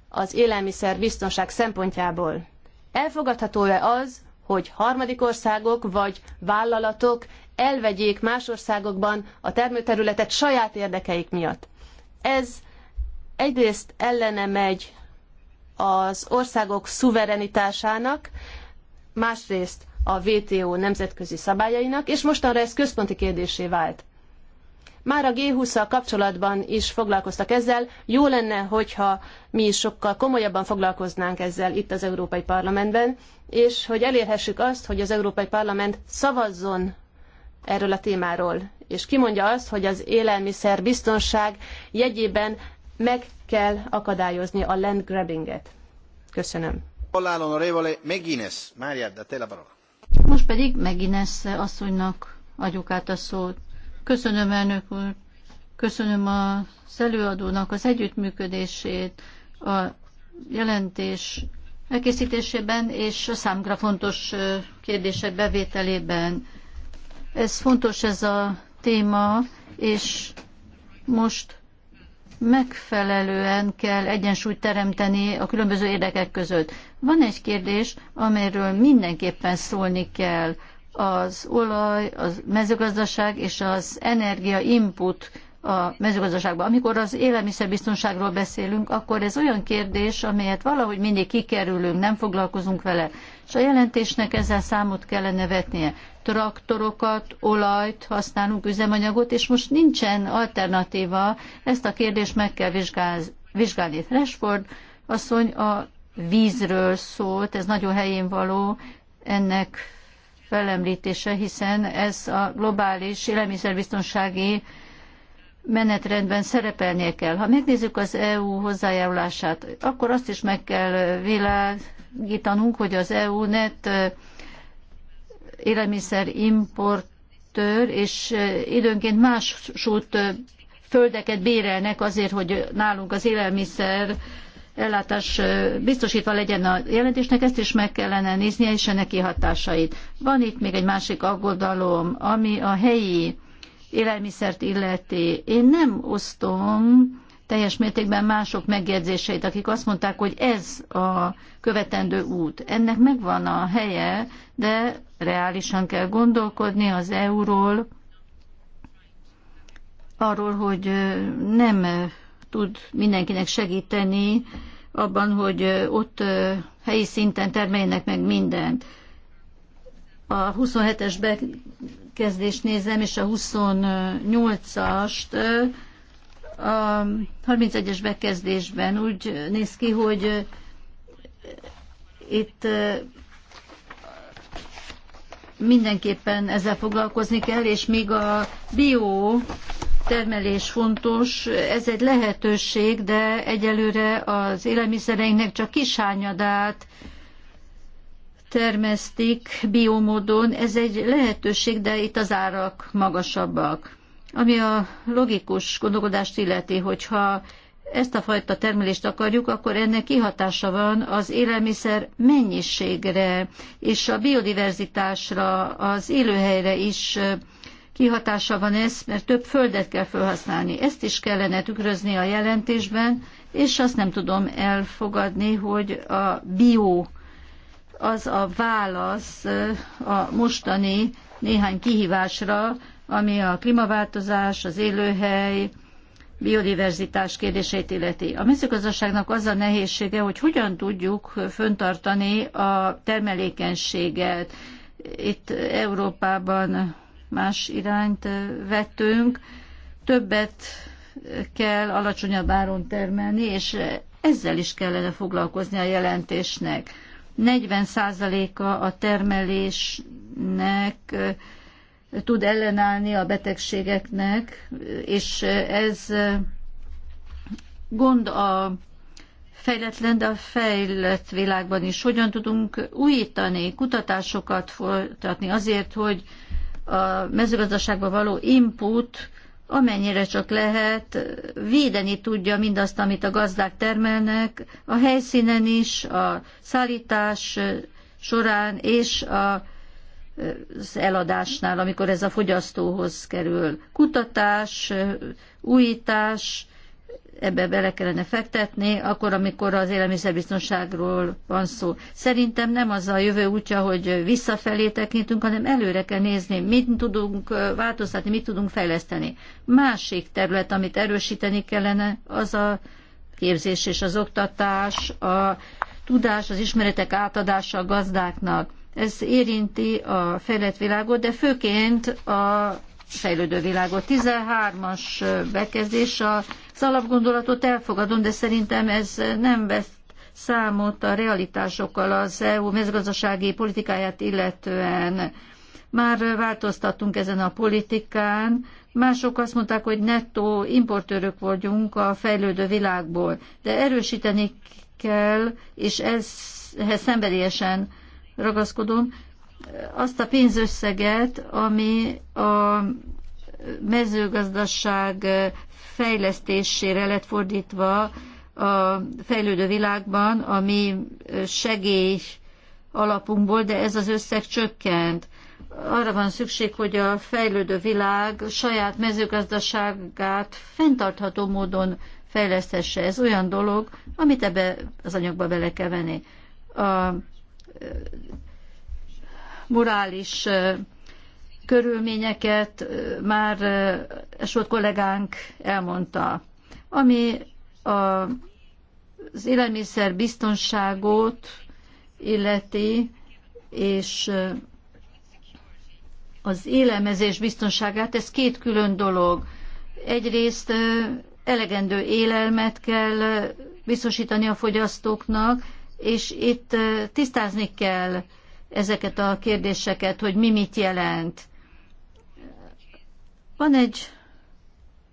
az élelmiszer biztonság szempontjából. Elfogadható-e az, hogy harmadik országok vagy vállalatok elvegyék más országokban a termőterületet saját érdekeik miatt? Ez egyrészt ellene megy az országok szuverenitásának, másrészt a WTO nemzetközi szabályainak, és mostanra ez központi kérdésé vált. Már a G20-szal kapcsolatban is foglalkoztak ezzel. Jó lenne, hogyha mi is sokkal komolyabban foglalkoznánk ezzel itt az Európai Parlamentben, és hogy elérhessük azt, hogy az Európai Parlament szavazzon erről a témáról, és kimondja azt, hogy az élelmiszer biztonság jegyében meg kell akadályozni a land grabbinget. Köszönöm. Most pedig Megines asszonynak adjuk át a szót. Köszönöm, elnök úr. Köszönöm a előadónak az együttműködését a jelentés elkészítésében és a számgra fontos kérdések bevételében. Ez fontos ez a téma, és most megfelelően kell egyensúlyt teremteni a különböző érdekek között. Van egy kérdés, amelyről mindenképpen szólni kell az olaj, a mezőgazdaság és az energia input a mezőgazdaságban. Amikor az élelmiszerbiztonságról beszélünk, akkor ez olyan kérdés, amelyet valahogy mindig kikerülünk, nem foglalkozunk vele. És a jelentésnek ezzel számot kellene vetnie. Traktorokat, olajt használunk, üzemanyagot, és most nincsen alternatíva. Ezt a kérdést meg kell vizsgálni. Rashford asszony a vízről szólt, ez nagyon helyén való, ennek felemlítése, hiszen ez a globális élelmiszerbiztonsági menetrendben szerepelnie kell. Ha megnézzük az EU hozzájárulását, akkor azt is meg kell világítanunk, hogy az EU net élelmiszerimportőr, és időnként más sút földeket bérelnek azért, hogy nálunk az élelmiszer ellátás biztosítva legyen a jelentésnek, ezt is meg kellene néznie, és ennek kihatásait. Van itt még egy másik aggodalom, ami a helyi élelmiszert illeti. Én nem osztom teljes mértékben mások megjegyzéseit, akik azt mondták, hogy ez a követendő út. Ennek megvan a helye, de reálisan kell gondolkodni az euról, arról, hogy nem tud mindenkinek segíteni abban, hogy ott helyi szinten termeljenek meg mindent. A 27-es bekezdést nézem, és a 28-ast a 31-es bekezdésben úgy néz ki, hogy itt mindenképpen ezzel foglalkozni kell, és még a bio termelés fontos, ez egy lehetőség, de egyelőre az élelmiszereinknek csak kisányadát termesztik biomódon. Ez egy lehetőség, de itt az árak magasabbak. Ami a logikus gondolkodást illeti, hogyha ezt a fajta termelést akarjuk, akkor ennek kihatása van az élelmiszer mennyiségre és a biodiverzitásra, az élőhelyre is kihatása van ez, mert több földet kell felhasználni. Ezt is kellene tükrözni a jelentésben, és azt nem tudom elfogadni, hogy a bio az a válasz a mostani néhány kihívásra, ami a klímaváltozás, az élőhely, biodiverzitás kérdéseit illeti. A mezőgazdaságnak az a nehézsége, hogy hogyan tudjuk föntartani a termelékenységet. Itt Európában más irányt vettünk, többet kell alacsonyabb áron termelni, és ezzel is kellene foglalkozni a jelentésnek. 40%-a a termelésnek tud ellenállni a betegségeknek, és ez gond a fejletlen, de a fejlett világban is. Hogyan tudunk újítani, kutatásokat folytatni azért, hogy a mezőgazdaságba való input amennyire csak lehet, védeni tudja mindazt, amit a gazdák termelnek, a helyszínen is, a szállítás során és a az eladásnál, amikor ez a fogyasztóhoz kerül. Kutatás, újítás, ebbe bele kellene fektetni, akkor, amikor az élelmiszerbiztonságról van szó. Szerintem nem az a jövő útja, hogy visszafelé tekintünk, hanem előre kell nézni, mit tudunk változtatni, mit tudunk fejleszteni. Másik terület, amit erősíteni kellene, az a képzés és az oktatás, a tudás, az ismeretek átadása a gazdáknak. Ez érinti a fejlett világot, de főként a fejlődő világot. 13-as bekezdés az alapgondolatot elfogadom, de szerintem ez nem vesz számot a realitásokkal az EU mezgazdasági politikáját illetően. Már változtattunk ezen a politikán, Mások azt mondták, hogy nettó importőrök vagyunk a fejlődő világból, de erősíteni kell, és ez, ehhez szenvedélyesen ragaszkodom, azt a pénzösszeget, ami a mezőgazdaság fejlesztésére lett fordítva a fejlődő világban, ami segély alapunkból, de ez az összeg csökkent. Arra van szükség, hogy a fejlődő világ saját mezőgazdaságát fenntartható módon fejleszthesse. Ez olyan dolog, amit ebbe az anyagba bele kell venni. A morális körülményeket már Esot kollégánk elmondta. Ami a, az élelmiszer biztonságot illeti, és az élelmezés biztonságát, ez két külön dolog. Egyrészt elegendő élelmet kell biztosítani a fogyasztóknak, és itt tisztázni kell ezeket a kérdéseket, hogy mi mit jelent. Van egy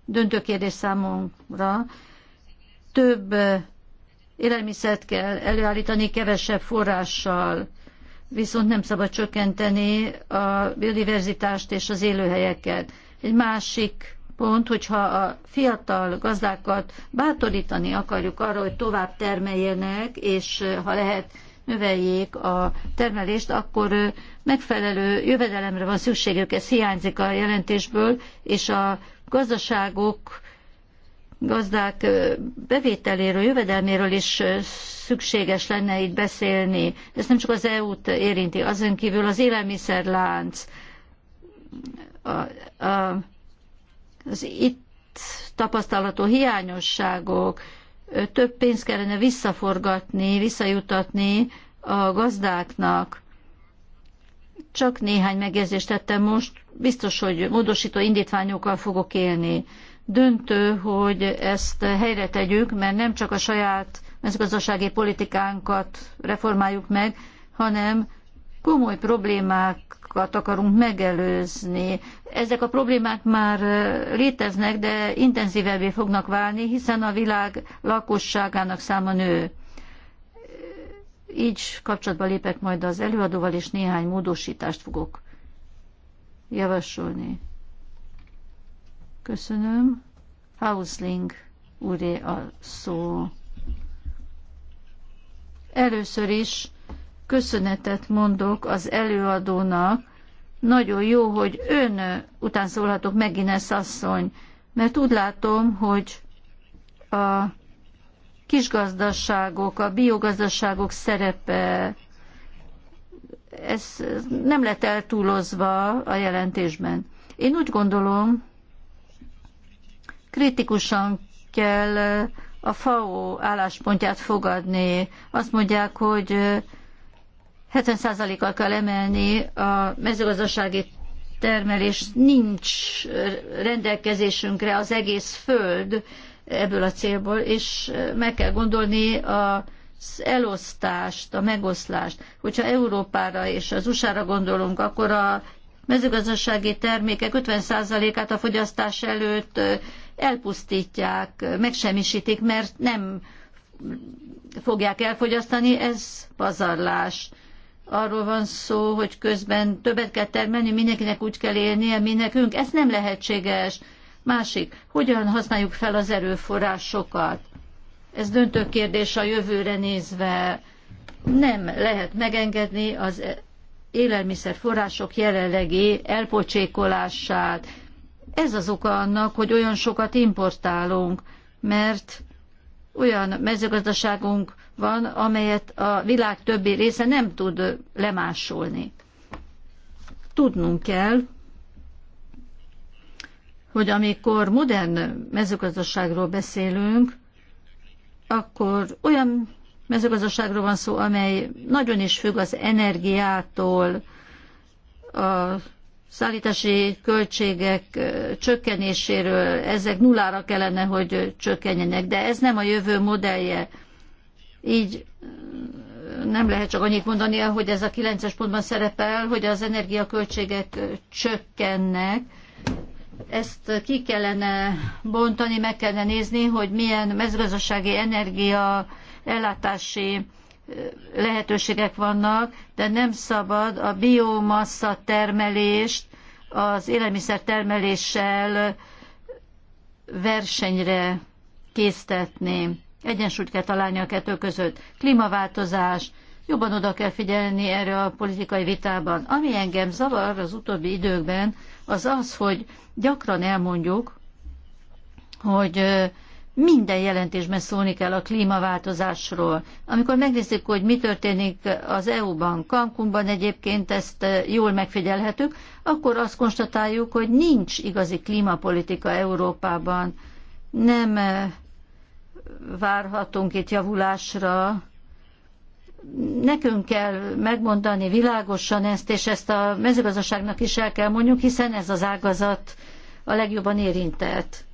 döntő kérdés számomra, több élelmiszert kell előállítani kevesebb forrással, viszont nem szabad csökkenteni a biodiverzitást és az élőhelyeket. Egy másik pont, hogyha a fiatal gazdákat bátorítani akarjuk arra, hogy tovább termeljenek, és ha lehet növeljék a termelést, akkor megfelelő jövedelemre van szükségük, ez hiányzik a jelentésből, és a gazdaságok, gazdák bevételéről, jövedelméről is szükséges lenne itt beszélni. Ez nem csak az EU-t érinti, azon kívül az élelmiszerlánc, a, a, az itt tapasztalható hiányosságok, több pénzt kellene visszaforgatni, visszajutatni a gazdáknak. Csak néhány megjegyzést tettem most, biztos, hogy módosító indítványokkal fogok élni. Döntő, hogy ezt helyre tegyük, mert nem csak a saját mezőgazdasági politikánkat reformáljuk meg, hanem komoly problémák problémákat akarunk megelőzni. Ezek a problémák már léteznek, de intenzívebbé fognak válni, hiszen a világ lakosságának száma nő. Így kapcsolatba lépek majd az előadóval, és néhány módosítást fogok javasolni. Köszönöm. Hausling úré a szó. Először is köszönetet mondok az előadónak. Nagyon jó, hogy ön után szólhatok Megines asszony, mert úgy látom, hogy a kisgazdaságok, a biogazdaságok szerepe ez nem lett eltúlozva a jelentésben. Én úgy gondolom, kritikusan kell a FAO álláspontját fogadni. Azt mondják, hogy 70%-kal kell emelni a mezőgazdasági termelés, nincs rendelkezésünkre az egész föld ebből a célból, és meg kell gondolni a az elosztást, a megoszlást. Hogyha Európára és az USA-ra gondolunk, akkor a mezőgazdasági termékek 50%-át a fogyasztás előtt elpusztítják, megsemmisítik, mert nem fogják elfogyasztani, ez pazarlás arról van szó, hogy közben többet kell termelni, mindenkinek úgy kell élnie, mi nekünk. Ez nem lehetséges. Másik, hogyan használjuk fel az erőforrásokat? Ez döntő kérdés a jövőre nézve. Nem lehet megengedni az élelmiszerforrások jelenlegi elpocsékolását. Ez az oka annak, hogy olyan sokat importálunk, mert olyan mezőgazdaságunk van, amelyet a világ többi része nem tud lemásolni. Tudnunk kell, hogy amikor modern mezőgazdaságról beszélünk, akkor olyan mezőgazdaságról van szó, amely nagyon is függ az energiától, a szállítási költségek csökkenéséről, ezek nullára kellene, hogy csökkenjenek, de ez nem a jövő modellje. Így nem lehet csak annyit mondani, hogy ez a 9-es pontban szerepel, hogy az energiaköltségek csökkennek. Ezt ki kellene bontani, meg kellene nézni, hogy milyen mezőgazdasági energia ellátási lehetőségek vannak, de nem szabad a biomassa termelést az élelmiszer termeléssel versenyre késztetni. Egyensúlyt kell találni a kettő között. Klímaváltozás, jobban oda kell figyelni erre a politikai vitában. Ami engem zavar az utóbbi időkben, az az, hogy gyakran elmondjuk, hogy minden jelentésben szólni kell a klímaváltozásról. Amikor megnézzük, hogy mi történik az EU-ban, Cancunban egyébként ezt eh, jól megfigyelhetük, akkor azt konstatáljuk, hogy nincs igazi klímapolitika Európában. Nem eh, várhatunk itt javulásra. Nekünk kell megmondani világosan ezt, és ezt a mezőgazdaságnak is el kell mondjuk, hiszen ez az ágazat a legjobban érintett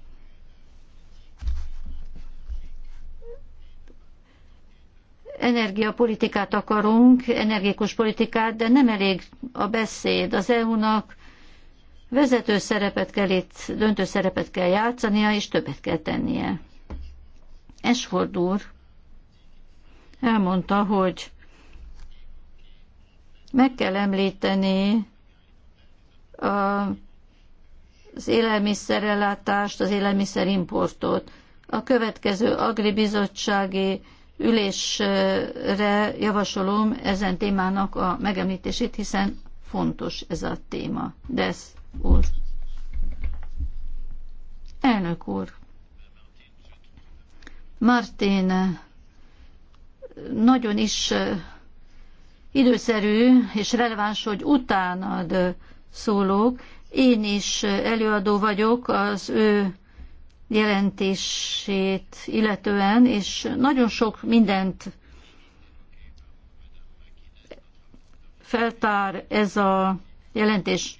energiapolitikát akarunk, energikus politikát, de nem elég a beszéd. Az EU-nak vezető szerepet kell itt, döntő szerepet kell játszania, és többet kell tennie. Esford úr elmondta, hogy meg kell említeni a, az élelmiszerellátást, az élelmiszerimportot. A következő agribizottsági bizottsági ülésre javasolom ezen témának a megemlítését, hiszen fontos ez a téma. Desz úr. Elnök úr. Martin nagyon is időszerű és releváns, hogy utánad szólók. Én is előadó vagyok az ő jelentését illetően, és nagyon sok mindent feltár ez a jelentés.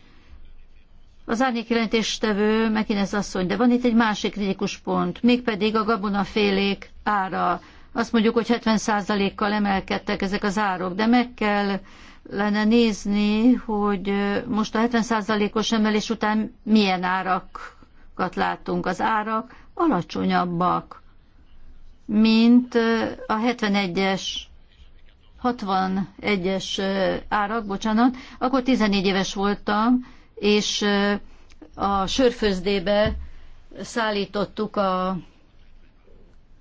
Az árnyék jelentéstevő Mekinez asszony, de van itt egy másik kritikus pont, mégpedig a gabonafélék ára. Azt mondjuk, hogy 70%-kal emelkedtek ezek az árok, de meg kell lenne nézni, hogy most a 70%-os emelés után milyen árak látunk. Az árak alacsonyabbak, mint a 71-es 61-es árak, bocsánat, akkor 14 éves voltam, és a sörfőzdébe szállítottuk a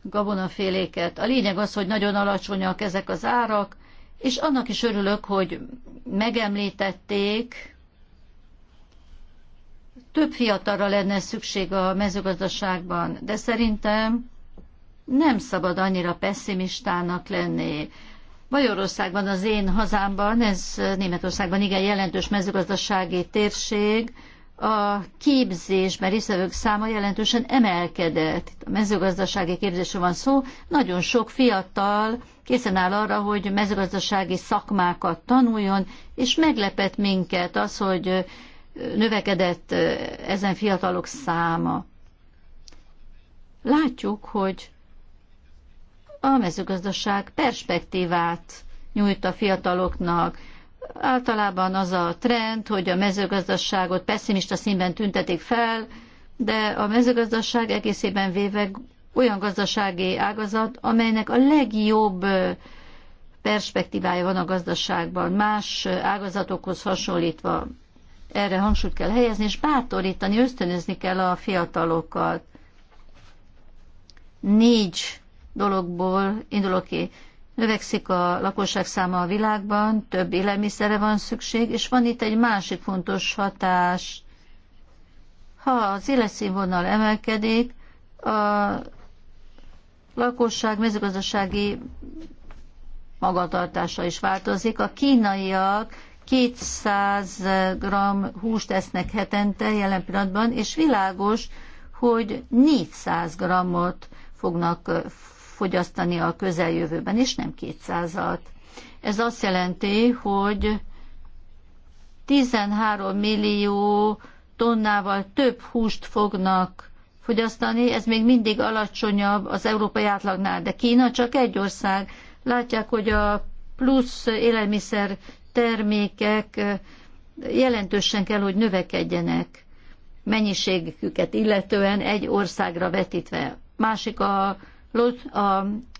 gabonaféléket. A lényeg az, hogy nagyon alacsonyak ezek az árak, és annak is örülök, hogy megemlítették több fiatalra lenne szükség a mezőgazdaságban, de szerintem nem szabad annyira pessimistának lenni. Magyarországban, az én hazámban, ez Németországban igen jelentős mezőgazdasági térség, a képzésben részvevők száma jelentősen emelkedett. Itt a mezőgazdasági képzésről van szó. Nagyon sok fiatal készen áll arra, hogy mezőgazdasági szakmákat tanuljon, és meglepett minket az, hogy növekedett ezen fiatalok száma. Látjuk, hogy a mezőgazdaság perspektívát nyújt a fiataloknak. Általában az a trend, hogy a mezőgazdaságot pessimista színben tüntetik fel, de a mezőgazdaság egészében véve olyan gazdasági ágazat, amelynek a legjobb perspektívája van a gazdaságban, más ágazatokhoz hasonlítva erre hangsúlyt kell helyezni, és bátorítani, ösztönözni kell a fiatalokat. Négy dologból indulok ki. Növekszik a lakosság száma a világban, több élelmiszerre van szükség, és van itt egy másik fontos hatás. Ha az életszínvonal emelkedik, a lakosság mezőgazdasági magatartása is változik. A kínaiak 200 g húst esznek hetente jelen pillanatban, és világos, hogy 400 g-ot fognak fogyasztani a közeljövőben, és nem 200-at. Ez azt jelenti, hogy 13 millió tonnával több húst fognak fogyasztani, ez még mindig alacsonyabb az európai átlagnál, de Kína csak egy ország. Látják, hogy a plusz élelmiszer termékek jelentősen kell, hogy növekedjenek mennyiségüket illetően egy országra vetítve. Másik a, a,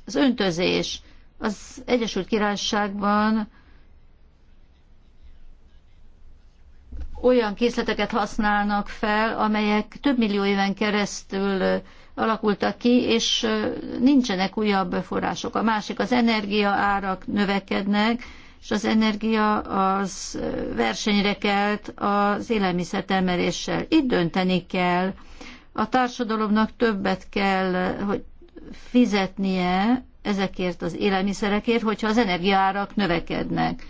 az öntözés. Az Egyesült Királyságban olyan készleteket használnak fel, amelyek több millió éven keresztül alakultak ki, és nincsenek újabb források. A másik az energia árak növekednek, és az energia az versenyre kelt az élelmiszertermeléssel. Itt dönteni kell. A társadalomnak többet kell, hogy fizetnie ezekért az élelmiszerekért, hogyha az energiaárak növekednek.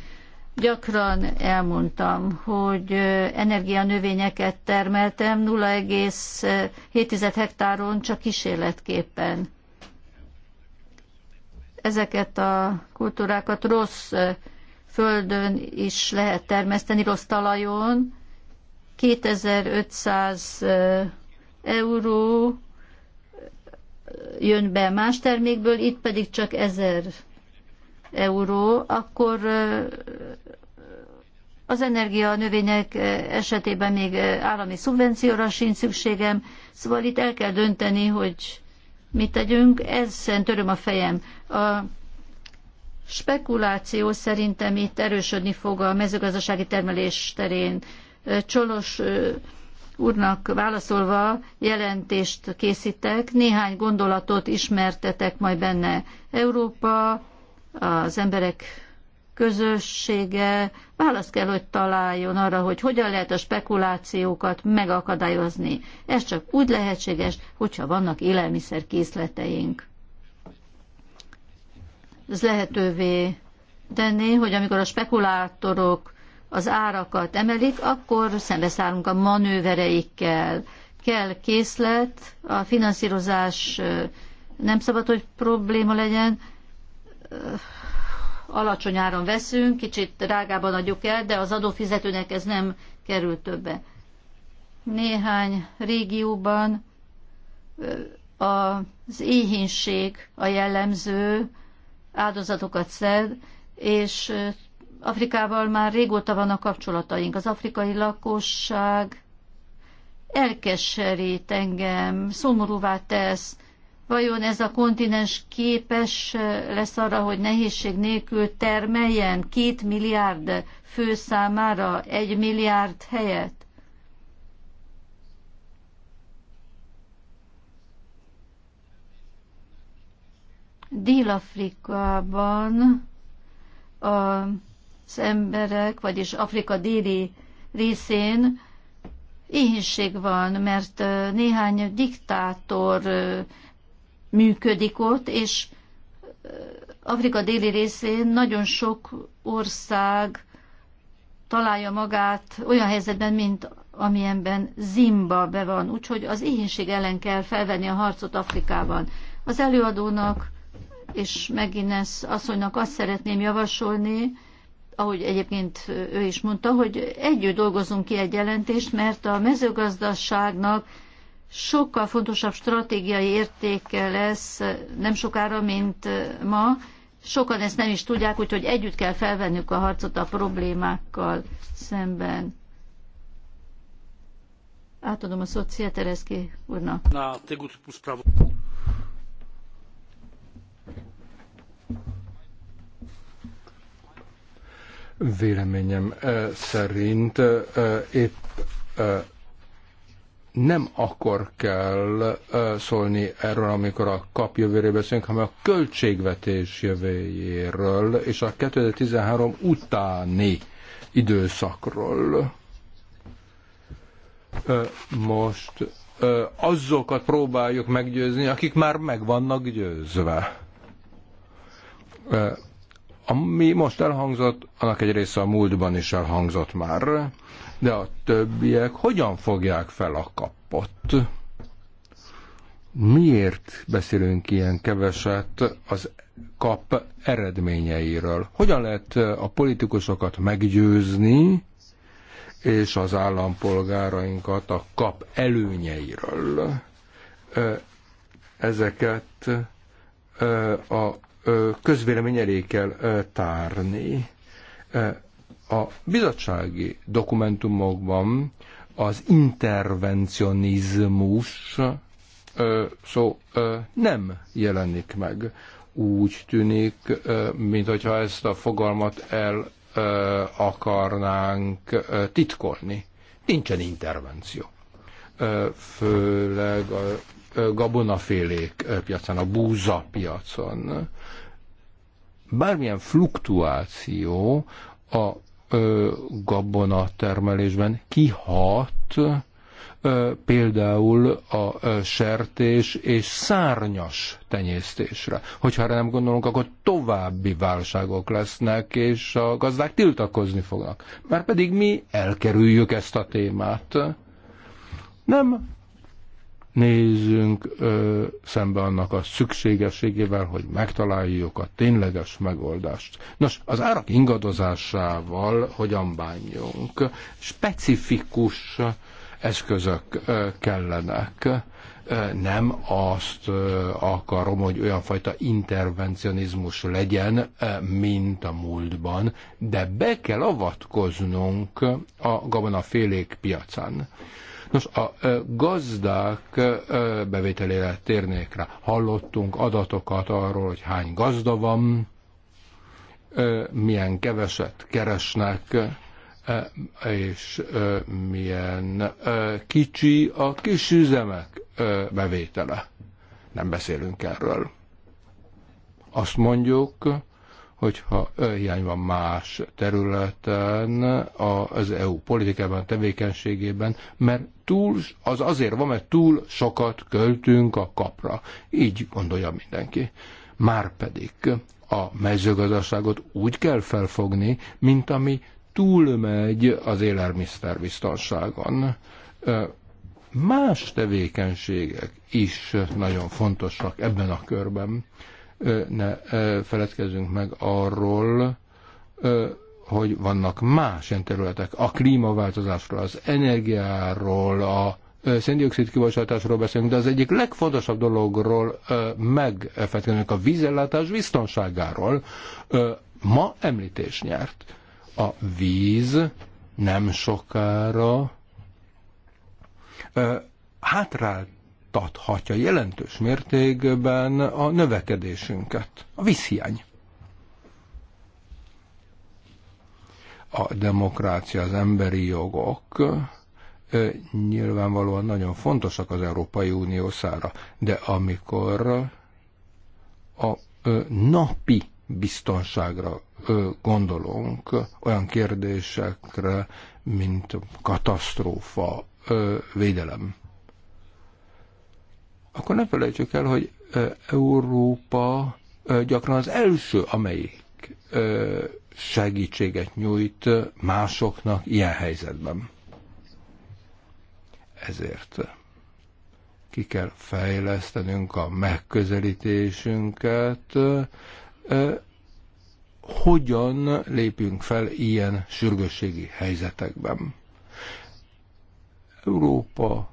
Gyakran elmondtam, hogy energianövényeket termeltem 0,7 hektáron csak kísérletképpen. Ezeket a kultúrákat rossz földön is lehet termeszteni, rossz talajon. 2500 euró jön be más termékből, itt pedig csak 1000 euró, akkor az energia növények esetében még állami szubvencióra sincs szükségem, szóval itt el kell dönteni, hogy mit tegyünk, ezzel töröm a fejem. A spekuláció szerintem itt erősödni fog a mezőgazdasági termelés terén. Csolos úrnak válaszolva jelentést készítek, néhány gondolatot ismertetek majd benne. Európa, az emberek közössége választ kell, hogy találjon arra, hogy hogyan lehet a spekulációkat megakadályozni. Ez csak úgy lehetséges, hogyha vannak élelmiszer készleteink ez lehetővé tenni, hogy amikor a spekulátorok az árakat emelik, akkor szembeszállunk a manővereikkel. Kell készlet, a finanszírozás nem szabad, hogy probléma legyen. Alacsony áron veszünk, kicsit drágában adjuk el, de az adófizetőnek ez nem kerül többe. Néhány régióban az éhénység a jellemző, áldozatokat szed, és Afrikával már régóta vannak kapcsolataink. Az afrikai lakosság elkeserít engem, szomorúvá tesz. Vajon ez a kontinens képes lesz arra, hogy nehézség nélkül termeljen két milliárd fő számára egy milliárd helyet? Dél-Afrikában az emberek, vagyis Afrika déli részén éhénység van, mert néhány diktátor működik ott, és Afrika déli részén nagyon sok ország találja magát olyan helyzetben, mint amilyenben Zimbabwe van. Úgyhogy az éhénység ellen kell felvenni a harcot Afrikában. Az előadónak és megint ez asszonynak azt szeretném javasolni, ahogy egyébként ő is mondta, hogy együtt dolgozunk ki egy jelentést, mert a mezőgazdaságnak sokkal fontosabb stratégiai értéke lesz nem sokára, mint ma. Sokan ezt nem is tudják, úgyhogy együtt kell felvennünk a harcot a problémákkal szemben. Átadom a szót Szia Tereszki úrnak. Véleményem eh, szerint eh, épp eh, nem akkor kell szólni erről, amikor a kap jövőről beszélünk, hanem a költségvetés jövőjéről és a 2013 utáni időszakról. Most azokat próbáljuk meggyőzni, akik már meg vannak győzve. Ami most elhangzott, annak egy része a múltban is elhangzott már, de a többiek hogyan fogják fel a kapott? Miért beszélünk ilyen keveset az kap eredményeiről? Hogyan lehet a politikusokat meggyőzni, és az állampolgárainkat a kap előnyeiről? Ezeket a közvélemény elé kell tárni. A bizottsági dokumentumokban az intervencionizmus szó nem jelenik meg. Úgy tűnik, mint hogyha ezt a fogalmat el akarnánk titkolni. Nincsen intervenció. Főleg a gabonafélék piacán, a búza piacon. Bármilyen fluktuáció a gabona termelésben kihat például a sertés és szárnyas tenyésztésre. Hogyha erre nem gondolunk, akkor további válságok lesznek, és a gazdák tiltakozni fognak. Mert pedig mi elkerüljük ezt a témát. Nem nézzünk ö, szembe annak a szükségességével, hogy megtaláljuk a tényleges megoldást. Nos, az árak ingadozásával hogyan bánjunk? Specifikus eszközök ö, kellenek. Ö, nem azt ö, akarom, hogy olyan fajta intervencionizmus legyen, ö, mint a múltban, de be kell avatkoznunk a gabonafélék piacán Nos, a gazdák bevételére térnék rá. Hallottunk adatokat arról, hogy hány gazda van, milyen keveset keresnek, és milyen kicsi a kis üzemek bevétele. Nem beszélünk erről. Azt mondjuk, hogyha hiány van más területen az EU politikában, tevékenységében, mert túl, az azért van, mert túl sokat költünk a kapra. Így gondolja mindenki. Márpedig a mezőgazdaságot úgy kell felfogni, mint ami túlmegy az élelmiszerbiztonságon. Más tevékenységek is nagyon fontosak ebben a körben ne feledkezzünk meg arról, hogy vannak más ilyen területek, a klímaváltozásról, az energiáról, a széndiokszid kibocsátásról beszélünk, de az egyik legfontosabb dologról megfetkedünk a vízellátás biztonságáról. Ma említés nyert. A víz nem sokára hátrált háttathatja jelentős mértékben a növekedésünket. A vízhiány. A demokrácia, az emberi jogok nyilvánvalóan nagyon fontosak az Európai Unió szára, de amikor a napi biztonságra gondolunk, olyan kérdésekre, mint katasztrófa, védelem, akkor ne felejtsük el, hogy Európa gyakran az első, amelyik segítséget nyújt másoknak ilyen helyzetben. Ezért ki kell fejlesztenünk a megközelítésünket, hogyan lépünk fel ilyen sürgősségi helyzetekben. Európa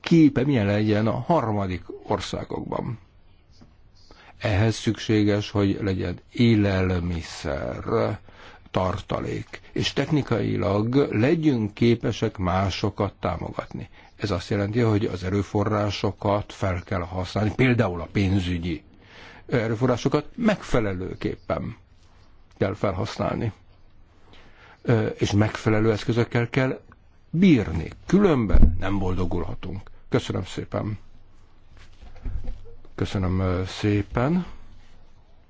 képe milyen legyen a harmadik országokban. Ehhez szükséges, hogy legyen élelmiszer, tartalék, és technikailag legyünk képesek másokat támogatni. Ez azt jelenti, hogy az erőforrásokat fel kell használni, például a pénzügyi erőforrásokat megfelelőképpen kell felhasználni. És megfelelő eszközökkel kell bírni. Különben nem boldogulhatunk. Köszönöm szépen. Köszönöm szépen.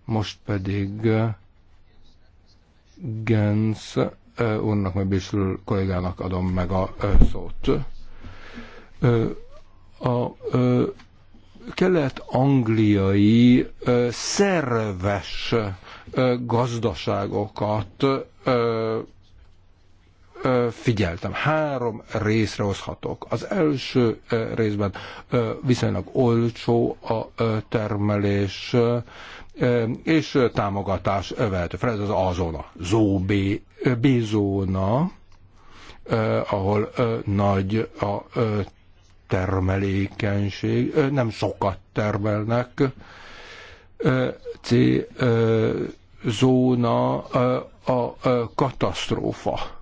Most pedig Gens úrnak, meg Bésül kollégának adom meg a szót. A kelet-angliai szerves gazdaságokat figyeltem. Három részre hozhatok. Az első részben viszonylag olcsó a termelés, és támogatás vehető fel. Ez az azona, zó B, B zóna, ahol nagy a termelékenység, nem sokat termelnek. C zóna a katasztrófa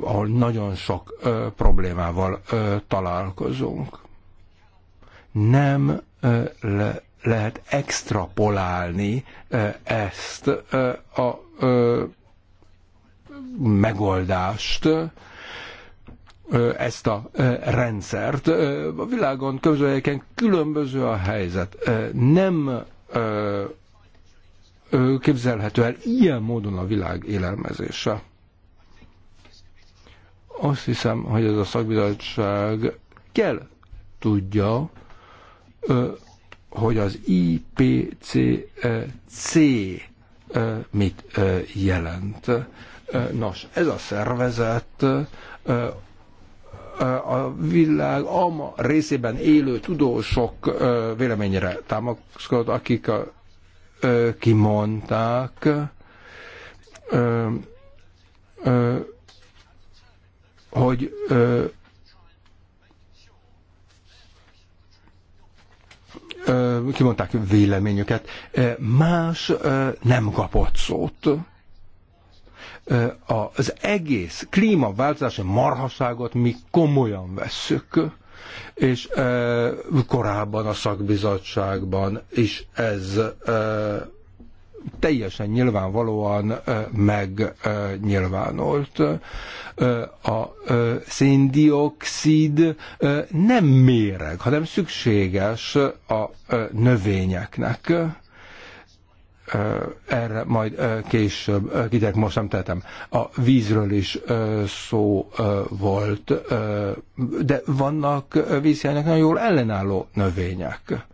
ahol nagyon sok problémával találkozunk. Nem le, lehet extrapolálni ezt a megoldást, ezt a rendszert. A világon közöljéken különböző a helyzet. Nem képzelhető el ilyen módon a világ élelmezése. Azt hiszem, hogy ez a szakbizottság kell tudja, hogy az IPCC e mit jelent. Nos, ez a szervezet a világ ama részében élő tudósok véleményére támaszkodott, akik kimondták, hogy ö, ö, kimondták véleményüket. Más ö, nem kapott szót. az egész klímaváltozási marhaságot mi komolyan vesszük és e, korábban a szakbizottságban is ez e, teljesen nyilvánvalóan megnyilvánult. A széndiokszid nem méreg, hanem szükséges a növényeknek erre majd később kitek most nem tettem. A vízről is szó volt, de vannak vízhelynek nagyon jól ellenálló növények.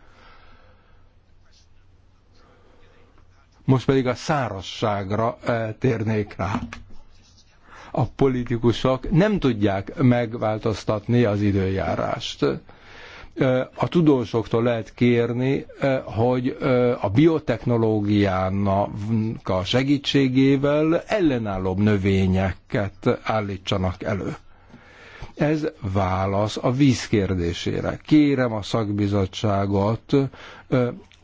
Most pedig a szárasságra eh, térnék rá. A politikusok nem tudják megváltoztatni az időjárást eh, a tudósoktól lehet kérni, eh, hogy a biotechnológiának a segítségével ellenállóbb növényeket állítsanak elő. Ez válasz a víz kérdésére. Kérem a szakbizottságot,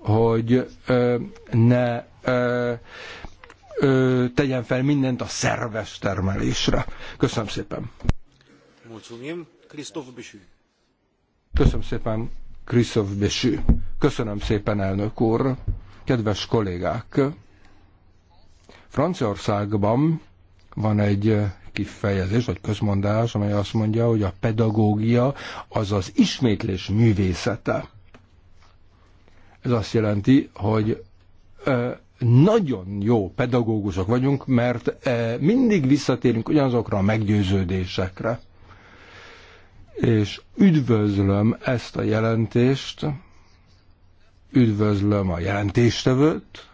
hogy ne ö, ö, tegyen fel mindent a szerves termelésre. Köszönöm szépen. Köszönöm szépen, Krisztof Bisű. Köszönöm szépen, elnök úr. Kedves kollégák, Franciaországban van egy kifejezés, vagy közmondás, amely azt mondja, hogy a pedagógia az az ismétlés művészete. Ez azt jelenti, hogy nagyon jó pedagógusok vagyunk, mert e, mindig visszatérünk ugyanazokra a meggyőződésekre. És üdvözlöm ezt a jelentést, üdvözlöm a jelentéstevőt,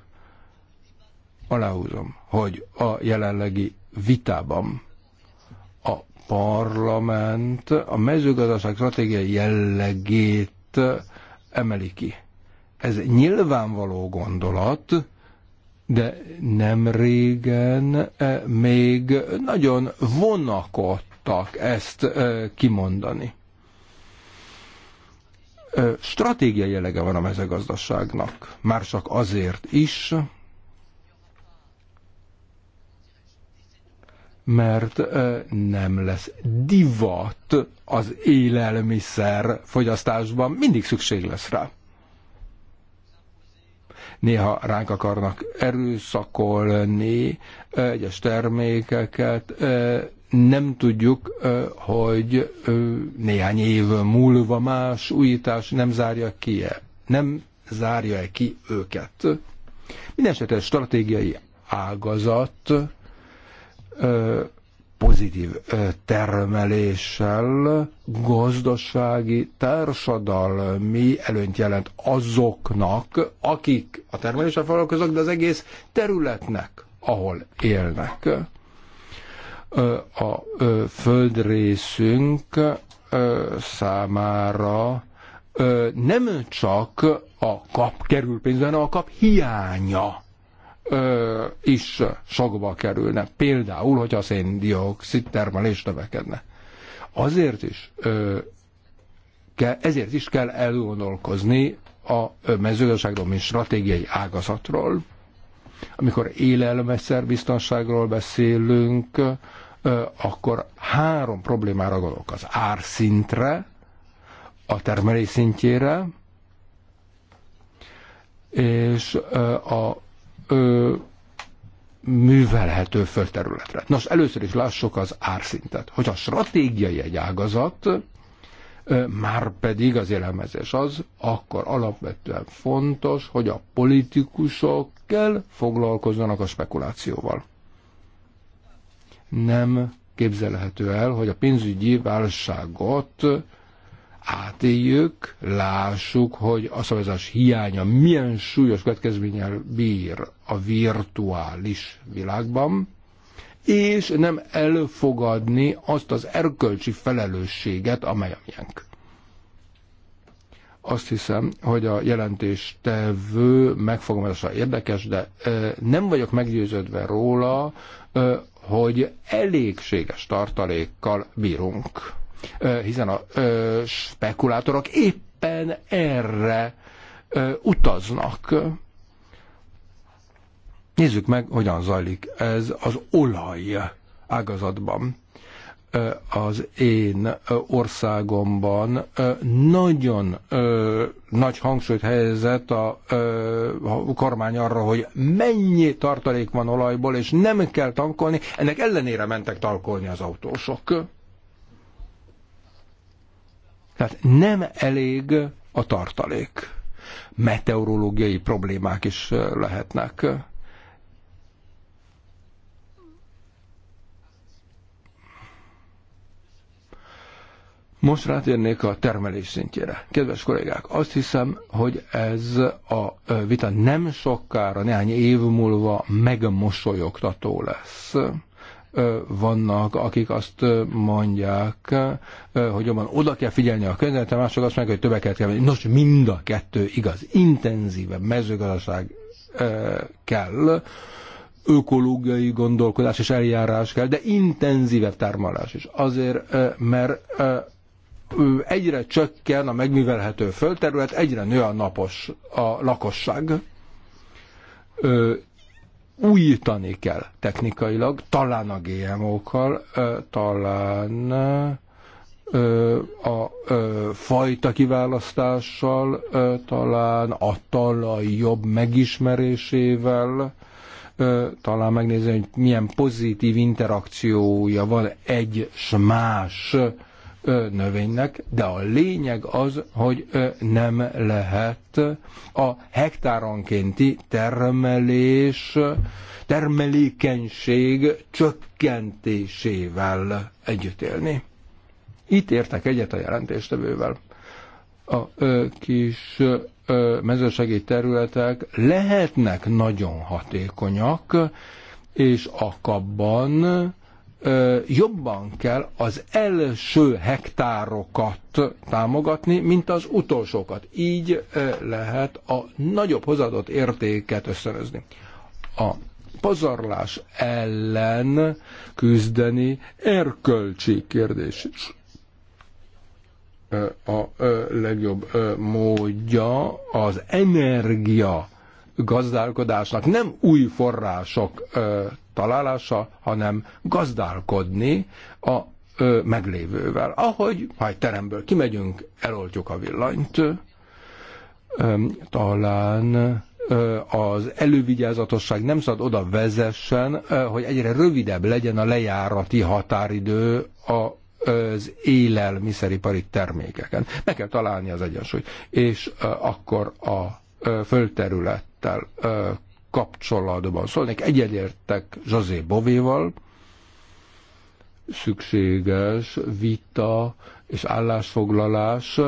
aláhúzom, hogy a jelenlegi vitában a parlament a mezőgazdaság stratégiai jellegét emeli ki. Ez nyilvánvaló gondolat, de nem régen eh, még nagyon vonakodtak ezt eh, kimondani. Eh, stratégiai jellege van a mezőgazdaságnak, már csak azért is, mert nem lesz divat az élelmiszer fogyasztásban, mindig szükség lesz rá néha ránk akarnak erőszakolni egyes termékeket, nem tudjuk, hogy néhány év múlva más újítás nem zárja ki -e, nem zárja -e ki őket. Mindenesetre stratégiai ágazat pozitív termeléssel gazdasági, társadalmi előnyt jelent azoknak, akik a termeléssel foglalkoznak, de az egész területnek, ahol élnek. A földrészünk számára nem csak a kap kerül pénz, hanem a kap hiánya ö, is sakba kerülne. Például, hogy a széndiokszid termelés növekedne. Azért is, ö, kell, ezért is kell elgondolkozni a mezőgazdaságról, mint stratégiai ágazatról. Amikor élelmeszer biztonságról beszélünk, ö, akkor három problémára gondolok. Az árszintre, a termelés szintjére, és a ö, művelhető földterületre. Nos, először is lássuk az árszintet. a stratégiai egy ágazat, már pedig az élelmezés az, akkor alapvetően fontos, hogy a politikusok kell foglalkozzanak a spekulációval. Nem képzelhető el, hogy a pénzügyi válságot átéljük, lássuk, hogy a szavazás hiánya milyen súlyos következménnyel bír a virtuális világban, és nem elfogadni azt az erkölcsi felelősséget, amely a miénk. Azt hiszem, hogy a jelentéstevő megfogalmazása érdekes, de nem vagyok meggyőződve róla, hogy elégséges tartalékkal bírunk hiszen a spekulátorok éppen erre utaznak. Nézzük meg, hogyan zajlik ez az olaj ágazatban. Az én országomban nagyon nagy hangsúlyt helyezett a kormány arra, hogy mennyi tartalék van olajból, és nem kell tankolni. Ennek ellenére mentek tankolni az autósok. Tehát nem elég a tartalék. Meteorológiai problémák is lehetnek. Most rátérnék a termelés szintjére. Kedves kollégák, azt hiszem, hogy ez a vita nem sokára, néhány év múlva megmosolyogtató lesz vannak, akik azt mondják, hogy jobban oda kell figyelni a környezetre, mások azt mondják, hogy többeket kell menni. Nos, mind a kettő igaz. Intenzívebb mezőgazdaság kell, ökológiai gondolkodás és eljárás kell, de intenzívebb termelés is. Azért, mert egyre csökken a megművelhető földterület, egyre nő a napos a lakosság újítani kell technikailag, talán a GMO-kkal, talán a fajta kiválasztással, talán a talaj jobb megismerésével, talán megnézni, hogy milyen pozitív interakciója van egy s más növénynek, de a lényeg az, hogy nem lehet a hektáronkénti termelés, termelékenység csökkentésével élni. Itt értek egyet a jelentéstevővel. A kis mezőségi területek lehetnek nagyon hatékonyak, és a kabban jobban kell az első hektárokat támogatni, mint az utolsókat. Így lehet a nagyobb hozadott értéket összerezni. A pazarlás ellen küzdeni erkölcsi kérdés is. A legjobb módja az energia gazdálkodásnak nem új források találása, hanem gazdálkodni a ö, meglévővel. Ahogy, ha egy teremből kimegyünk, eloltjuk a villanyt, ö, talán az elővigyázatosság nem szabad oda vezessen, hogy egyre rövidebb legyen a lejárati határidő a az élelmiszeripari termékeken. Meg kell találni az egyensúlyt. És akkor a földterülettel kapcsolatban szólnék. Egyedértek José Bovéval, szükséges vita és állásfoglalás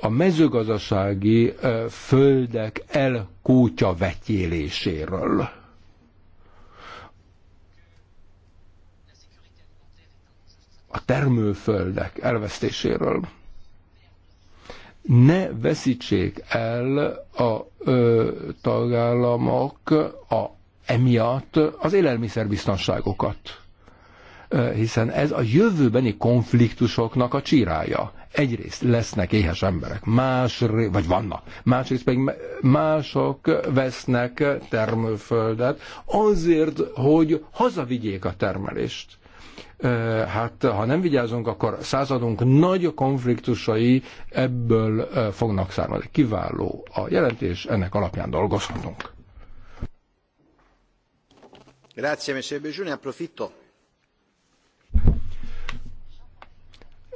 a mezőgazdasági földek elkútya vetyéléséről. A termőföldek elvesztéséről ne veszítsék el a ö, tagállamok a, emiatt az élelmiszerbiztonságokat, ö, hiszen ez a jövőbeni konfliktusoknak a csírája. Egyrészt lesznek éhes emberek, másrészt, vagy vannak, másrészt pedig mások vesznek termőföldet azért, hogy hazavigyék a termelést hát ha nem vigyázunk, akkor századunk nagy konfliktusai ebből fognak származni. Kiváló a jelentés, ennek alapján dolgozhatunk. Grazie, Monsieur Béjou, approfitto.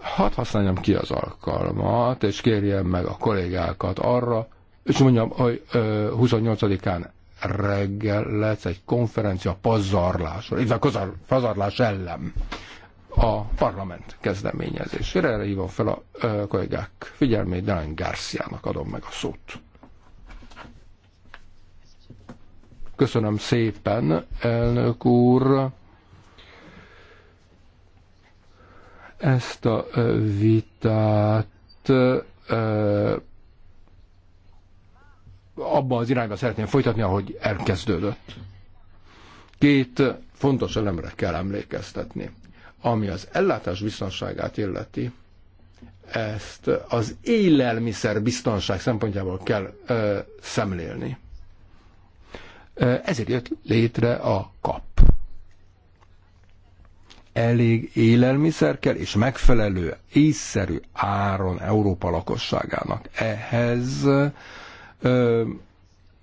Hadd használjam ki az alkalmat, és kérjem meg a kollégákat arra, és mondjam, hogy 28-án reggel lesz egy konferencia pazarlásról, illetve pazarlás ellen a parlament kezdeményezésére. Erre hívom fel a ö, kollégák figyelmét, Delen Garciának adom meg a szót. Köszönöm szépen, elnök úr. Ezt a vitát ö, abba az irányba szeretném folytatni, ahogy elkezdődött. Két fontos elemre kell emlékeztetni. Ami az ellátás biztonságát illeti, ezt az élelmiszer biztonság szempontjából kell ö, szemlélni. Ezért jött létre a kap. Elég élelmiszer kell, és megfelelő, észszerű áron Európa lakosságának. Ehhez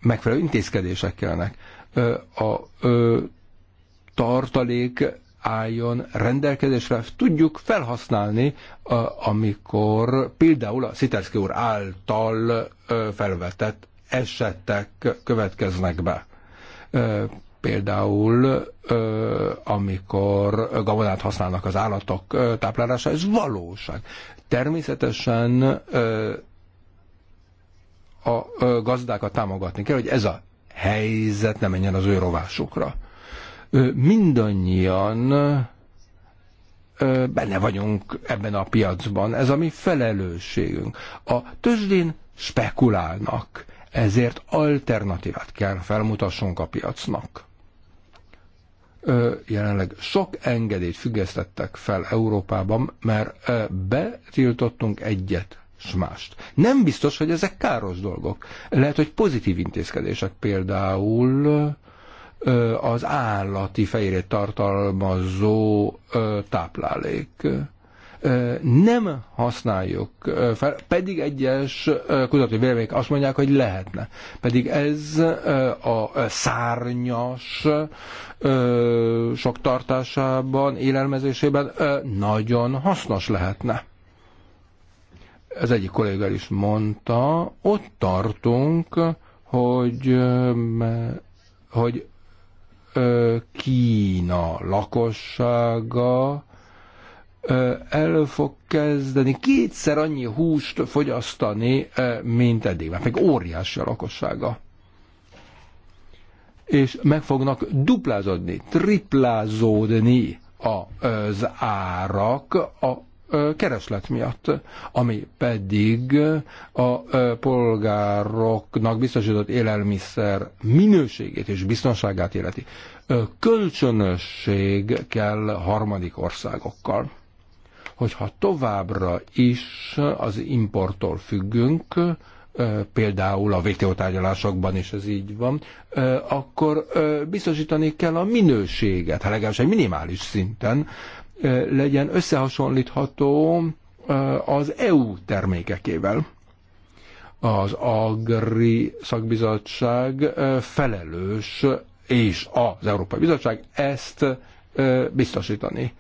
megfelelő intézkedések kellnek. A tartalék álljon rendelkezésre, tudjuk felhasználni, amikor például a Sziterszki úr által felvetett esetek következnek be. Például amikor gabonát használnak az állatok táplálására, ez valóság. Természetesen a gazdákat támogatni kell, hogy ez a helyzet nem menjen az ő rovásukra. Mindannyian benne vagyunk ebben a piacban, ez a mi felelősségünk. A tőzsdén spekulálnak, ezért alternatívát kell felmutassunk a piacnak. Jelenleg sok engedélyt függesztettek fel Európában, mert betiltottunk egyet mást. Nem biztos, hogy ezek káros dolgok. Lehet, hogy pozitív intézkedések például az állati fehérjét tartalmazó táplálék nem használjuk fel, pedig egyes kutatói vélemények azt mondják, hogy lehetne. Pedig ez a szárnyas sok tartásában, élelmezésében nagyon hasznos lehetne az egyik kollégál is mondta, ott tartunk, hogy, hogy Kína lakossága el fog kezdeni kétszer annyi húst fogyasztani, mint eddig, mert még óriási a lakossága. És meg fognak duplázódni, triplázódni az árak a kereslet miatt, ami pedig a polgároknak biztosított élelmiszer minőségét és biztonságát életi. Kölcsönösség kell harmadik országokkal. Hogyha továbbra is az importtól függünk, például a WTO tárgyalásokban is ez így van, akkor biztosítani kell a minőséget, ha legalábbis egy minimális szinten, legyen összehasonlítható az EU termékekével. Az Agri Szakbizottság felelős és az Európai Bizottság ezt biztosítani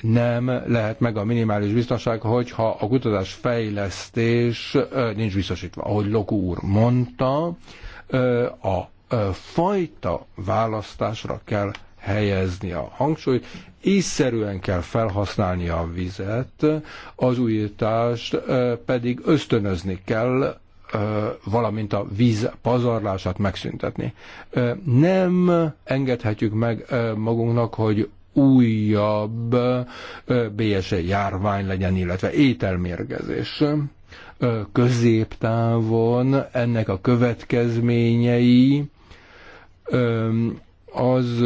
nem lehet meg a minimális biztonság, hogyha a kutatás fejlesztés nincs biztosítva. Ahogy Lokú úr mondta, a fajta választásra kell helyezni a hangsúlyt, észszerűen kell felhasználni a vizet, az újítást pedig ösztönözni kell, valamint a víz pazarlását megszüntetni. Nem engedhetjük meg magunknak, hogy újabb BSE járvány legyen, illetve ételmérgezés. Középtávon ennek a következményei az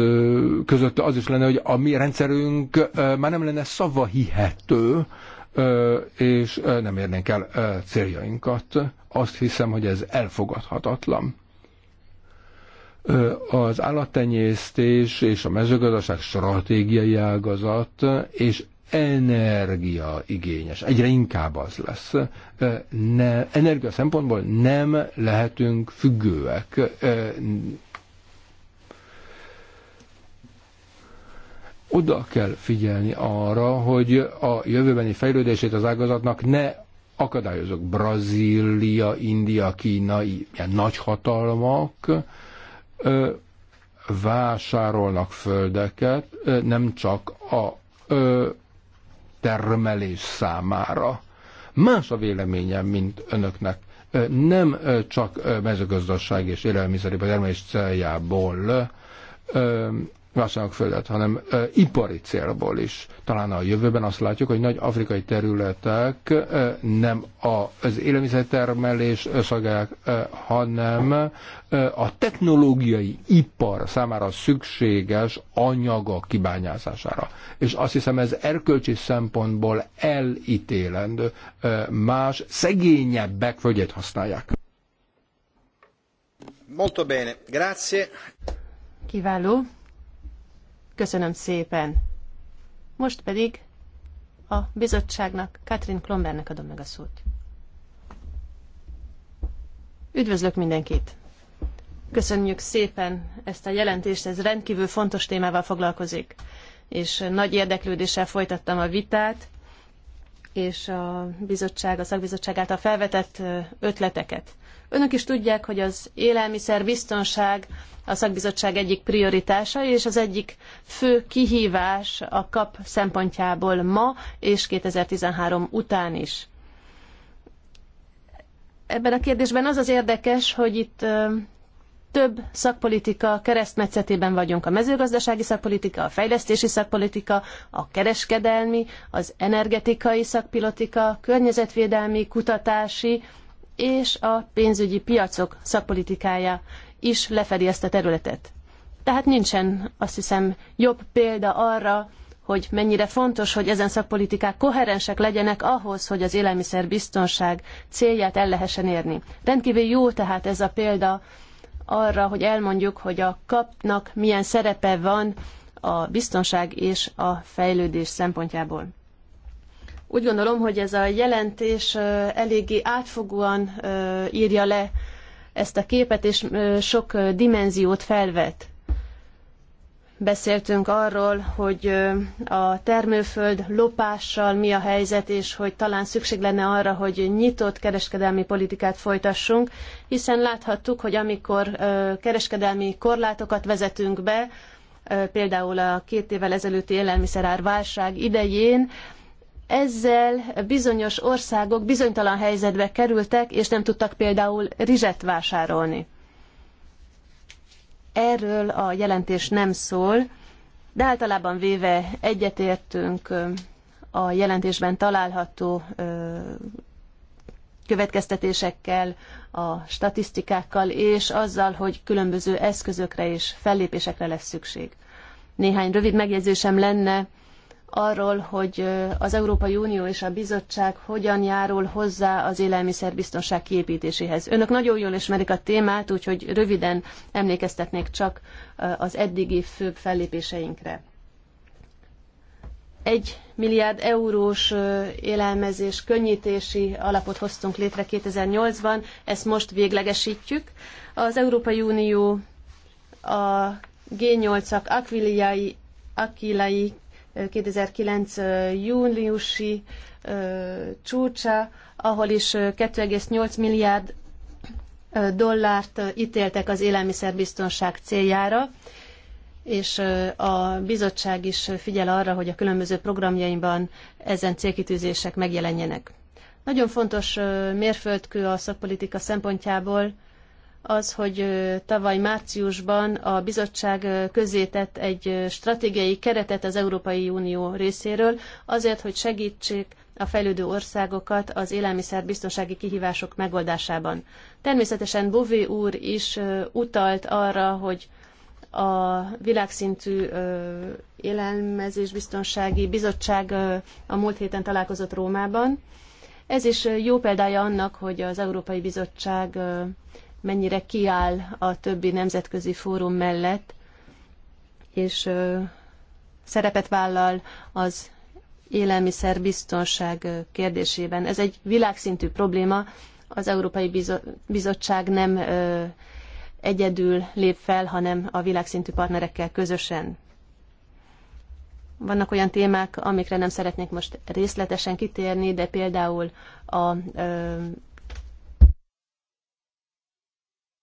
között az is lenne, hogy a mi rendszerünk már nem lenne szava hihető, és nem érnénk el céljainkat. Azt hiszem, hogy ez elfogadhatatlan. Az állattenyésztés és a mezőgazdaság stratégiai ágazat, és energia igényes, egyre inkább az lesz. Ne, energia szempontból nem lehetünk függőek, Oda kell figyelni arra, hogy a jövőbeni fejlődését az ágazatnak ne akadályozok. Brazília, India, Kína, ilyen nagyhatalmak ö, vásárolnak földeket, ö, nem csak a ö, termelés számára. Más a véleményem, mint önöknek. Nem csak mezőgazdaság és élelmiszeripar termelés céljából vásárok fölött, hanem ö, ipari célból is. Talán a jövőben azt látjuk, hogy nagy afrikai területek ö, nem a, az élelmiszertermelés szolgálják, hanem ö, a technológiai ipar számára szükséges anyaga kibányászására. És azt hiszem ez erkölcsi szempontból elítélendő. Ö, más, szegényebbek földjét használják. Molto bene, grazie. Kiváló. Köszönöm szépen. Most pedig a bizottságnak, Katrin Klombernek adom meg a szót. Üdvözlök mindenkit! Köszönjük szépen ezt a jelentést, ez rendkívül fontos témával foglalkozik, és nagy érdeklődéssel folytattam a vitát, és a bizottság, a szakbizottság által felvetett ötleteket. Önök is tudják, hogy az élelmiszer biztonság a szakbizottság egyik prioritása, és az egyik fő kihívás a kap szempontjából ma és 2013 után is. Ebben a kérdésben az az érdekes, hogy itt több szakpolitika keresztmetszetében vagyunk. A mezőgazdasági szakpolitika, a fejlesztési szakpolitika, a kereskedelmi, az energetikai szakpolitika, környezetvédelmi, kutatási, és a pénzügyi piacok szakpolitikája is lefedi ezt a területet. Tehát nincsen, azt hiszem, jobb példa arra, hogy mennyire fontos, hogy ezen szakpolitikák koherensek legyenek ahhoz, hogy az élelmiszerbiztonság célját el lehessen érni. Rendkívül jó tehát ez a példa arra, hogy elmondjuk, hogy a kapnak milyen szerepe van a biztonság és a fejlődés szempontjából. Úgy gondolom, hogy ez a jelentés eléggé átfogóan írja le ezt a képet, és sok dimenziót felvet. Beszéltünk arról, hogy a termőföld lopással mi a helyzet, és hogy talán szükség lenne arra, hogy nyitott kereskedelmi politikát folytassunk, hiszen láthattuk, hogy amikor kereskedelmi korlátokat vezetünk be, például a két évvel ezelőtti élelmiszerár válság idején ezzel bizonyos országok bizonytalan helyzetbe kerültek, és nem tudtak például rizset vásárolni. Erről a jelentés nem szól, de általában véve egyetértünk a jelentésben található következtetésekkel, a statisztikákkal, és azzal, hogy különböző eszközökre és fellépésekre lesz szükség. Néhány rövid megjegyzésem lenne, arról, hogy az Európai Unió és a bizottság hogyan járul hozzá az élelmiszerbiztonság kiépítéséhez. Önök nagyon jól ismerik a témát, úgyhogy röviden emlékeztetnék csak az eddigi főbb fellépéseinkre. Egy milliárd eurós élelmezés könnyítési alapot hoztunk létre 2008-ban, ezt most véglegesítjük. Az Európai Unió a G8-ak akvilai, akilai 2009 júniusi csúcsa, ahol is 2,8 milliárd dollárt ítéltek az élelmiszerbiztonság céljára, és a bizottság is figyel arra, hogy a különböző programjaimban ezen célkitűzések megjelenjenek. Nagyon fontos mérföldkő a szakpolitika szempontjából az, hogy tavaly márciusban a bizottság közzétett egy stratégiai keretet az Európai Unió részéről, azért, hogy segítsék a fejlődő országokat az élelmiszerbiztonsági kihívások megoldásában. Természetesen Bové úr is utalt arra, hogy a világszintű élelmezésbiztonsági bizottság a múlt héten találkozott Rómában. Ez is jó példája annak, hogy az Európai Bizottság mennyire kiáll a többi nemzetközi fórum mellett, és szerepet vállal az élelmiszerbiztonság kérdésében. Ez egy világszintű probléma, az Európai Bizottság nem egyedül lép fel, hanem a világszintű partnerekkel közösen. Vannak olyan témák, amikre nem szeretnék most részletesen kitérni, de például a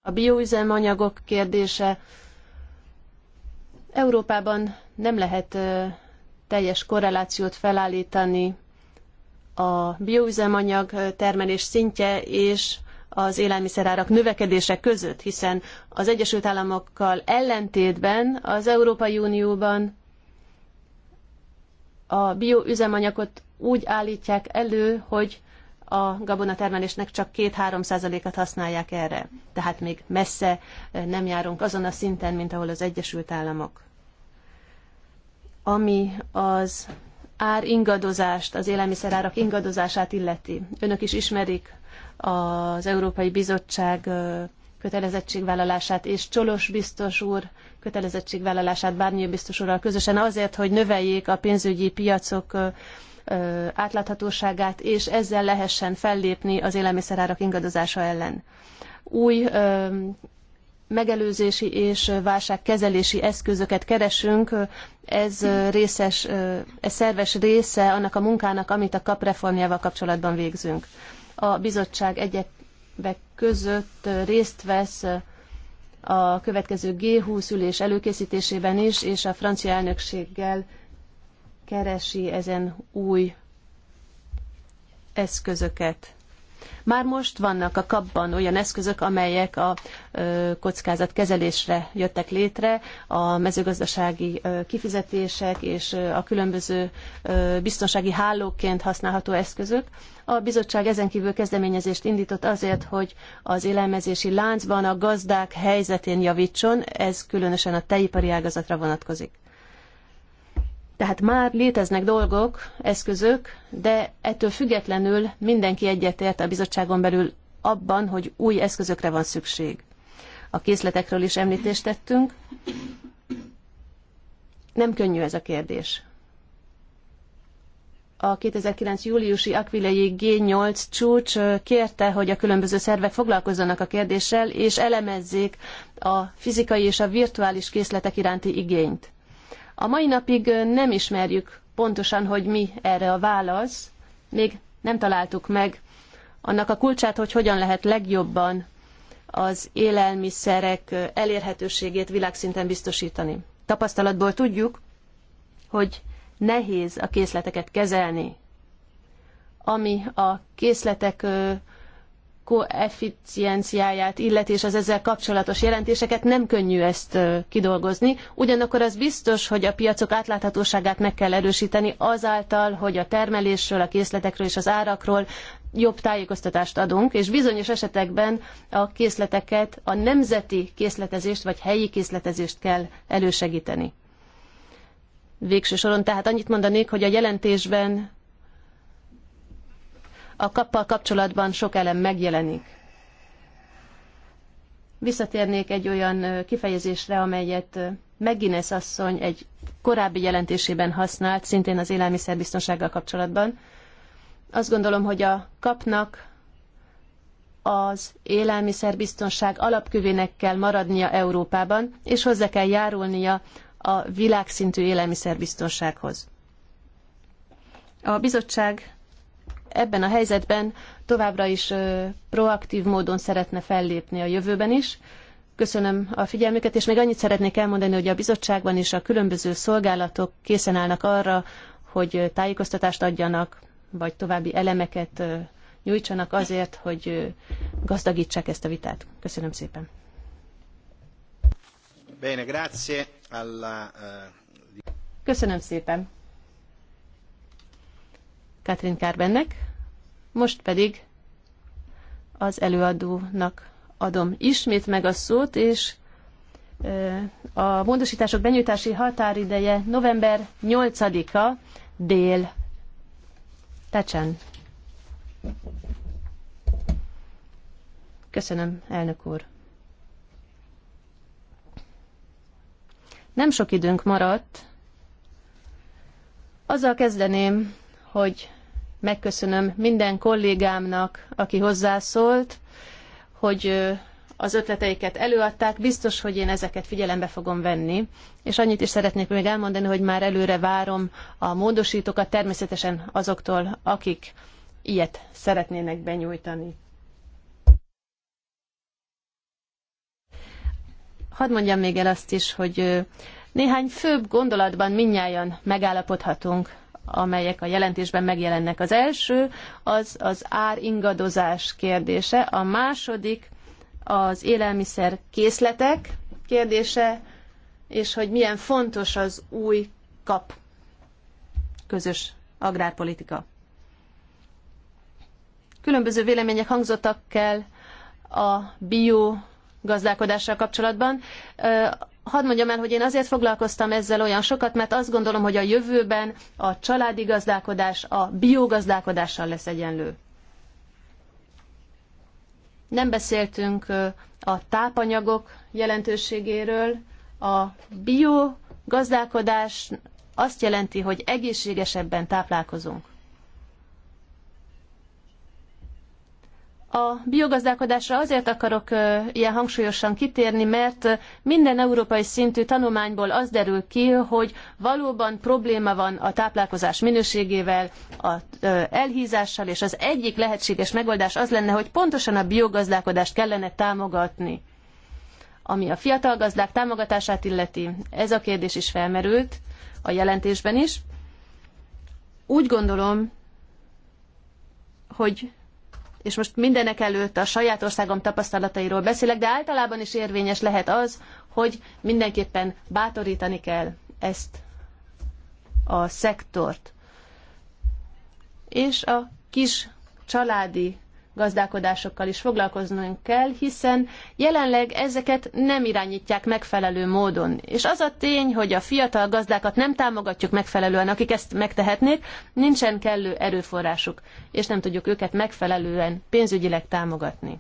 a bioüzemanyagok kérdése. Európában nem lehet teljes korrelációt felállítani a bioüzemanyag termelés szintje és az élelmiszerárak növekedése között, hiszen az Egyesült Államokkal ellentétben az Európai Unióban a bioüzemanyagot úgy állítják elő, hogy a gabonatermelésnek csak 2-3 százalékat használják erre. Tehát még messze eh, nem járunk azon a szinten, mint ahol az Egyesült Államok. Ami az ár ingadozást, az élelmiszerárak ingadozását illeti. Önök is ismerik az Európai Bizottság eh, kötelezettségvállalását és Csolos biztos úr kötelezettségvállalását bármilyen biztos úrral közösen azért, hogy növeljék a pénzügyi piacok eh, átláthatóságát, és ezzel lehessen fellépni az élelmiszerárak ingadozása ellen. Új megelőzési és válságkezelési eszközöket keresünk. Ez, részes, ez szerves része annak a munkának, amit a KAP reformjával kapcsolatban végzünk. A bizottság egyebek között részt vesz a következő G20 ülés előkészítésében is, és a francia elnökséggel keresi ezen új eszközöket. Már most vannak a kapban olyan eszközök, amelyek a kockázat kezelésre jöttek létre, a mezőgazdasági kifizetések és a különböző biztonsági hálóként használható eszközök. A bizottság ezen kívül kezdeményezést indított azért, hogy az élelmezési láncban a gazdák helyzetén javítson, ez különösen a tejipari ágazatra vonatkozik. Tehát már léteznek dolgok, eszközök, de ettől függetlenül mindenki egyetért a bizottságon belül abban, hogy új eszközökre van szükség. A készletekről is említést tettünk. Nem könnyű ez a kérdés. A 2009. júliusi Aquilei G8 csúcs kérte, hogy a különböző szervek foglalkozzanak a kérdéssel, és elemezzék a fizikai és a virtuális készletek iránti igényt. A mai napig nem ismerjük pontosan, hogy mi erre a válasz. Még nem találtuk meg annak a kulcsát, hogy hogyan lehet legjobban az élelmiszerek elérhetőségét világszinten biztosítani. Tapasztalatból tudjuk, hogy nehéz a készleteket kezelni, ami a készletek koeficienciáját illeti, és az ezzel kapcsolatos jelentéseket nem könnyű ezt kidolgozni. Ugyanakkor az biztos, hogy a piacok átláthatóságát meg kell erősíteni azáltal, hogy a termelésről, a készletekről és az árakról jobb tájékoztatást adunk, és bizonyos esetekben a készleteket, a nemzeti készletezést vagy helyi készletezést kell elősegíteni. Végső soron tehát annyit mondanék, hogy a jelentésben a kappal kapcsolatban sok elem megjelenik. Visszatérnék egy olyan kifejezésre, amelyet McGuinness asszony egy korábbi jelentésében használt, szintén az élelmiszerbiztonsággal kapcsolatban. Azt gondolom, hogy a kapnak az élelmiszerbiztonság alapkövének kell maradnia Európában, és hozzá kell járulnia a világszintű élelmiszerbiztonsághoz. A bizottság ebben a helyzetben továbbra is proaktív módon szeretne fellépni a jövőben is. Köszönöm a figyelmüket, és még annyit szeretnék elmondani, hogy a bizottságban és a különböző szolgálatok készen állnak arra, hogy tájékoztatást adjanak, vagy további elemeket nyújtsanak azért, hogy gazdagítsák ezt a vitát. Köszönöm szépen. Bene, grazie alla... Köszönöm szépen. Katrin Kárbennek, most pedig az előadónak adom ismét meg a szót, és a módosítások benyújtási határideje november 8-a dél. Tecsen. Köszönöm, elnök úr. Nem sok időnk maradt. Azzal kezdeném, hogy megköszönöm minden kollégámnak, aki hozzászólt, hogy az ötleteiket előadták, biztos, hogy én ezeket figyelembe fogom venni. És annyit is szeretnék még elmondani, hogy már előre várom a módosítókat, természetesen azoktól, akik ilyet szeretnének benyújtani. Hadd mondjam még el azt is, hogy néhány főbb gondolatban minnyáján megállapodhatunk amelyek a jelentésben megjelennek. Az első az az ár ingadozás kérdése, a második az élelmiszer készletek kérdése, és hogy milyen fontos az új kap közös agrárpolitika. Különböző vélemények hangzottak el a bio gazdálkodással kapcsolatban hadd mondjam el, hogy én azért foglalkoztam ezzel olyan sokat, mert azt gondolom, hogy a jövőben a családi gazdálkodás a biogazdálkodással lesz egyenlő. Nem beszéltünk a tápanyagok jelentőségéről. A biogazdálkodás azt jelenti, hogy egészségesebben táplálkozunk. A biogazdálkodásra azért akarok ilyen hangsúlyosan kitérni, mert minden európai szintű tanulmányból az derül ki, hogy valóban probléma van a táplálkozás minőségével, a elhízással, és az egyik lehetséges megoldás az lenne, hogy pontosan a biogazdálkodást kellene támogatni. Ami a fiatal gazdák támogatását illeti, ez a kérdés is felmerült a jelentésben is. Úgy gondolom, hogy és most mindenek előtt a saját országom tapasztalatairól beszélek, de általában is érvényes lehet az, hogy mindenképpen bátorítani kell ezt a szektort. És a kis családi gazdálkodásokkal is foglalkoznunk kell, hiszen jelenleg ezeket nem irányítják megfelelő módon. És az a tény, hogy a fiatal gazdákat nem támogatjuk megfelelően, akik ezt megtehetnék, nincsen kellő erőforrásuk, és nem tudjuk őket megfelelően pénzügyileg támogatni.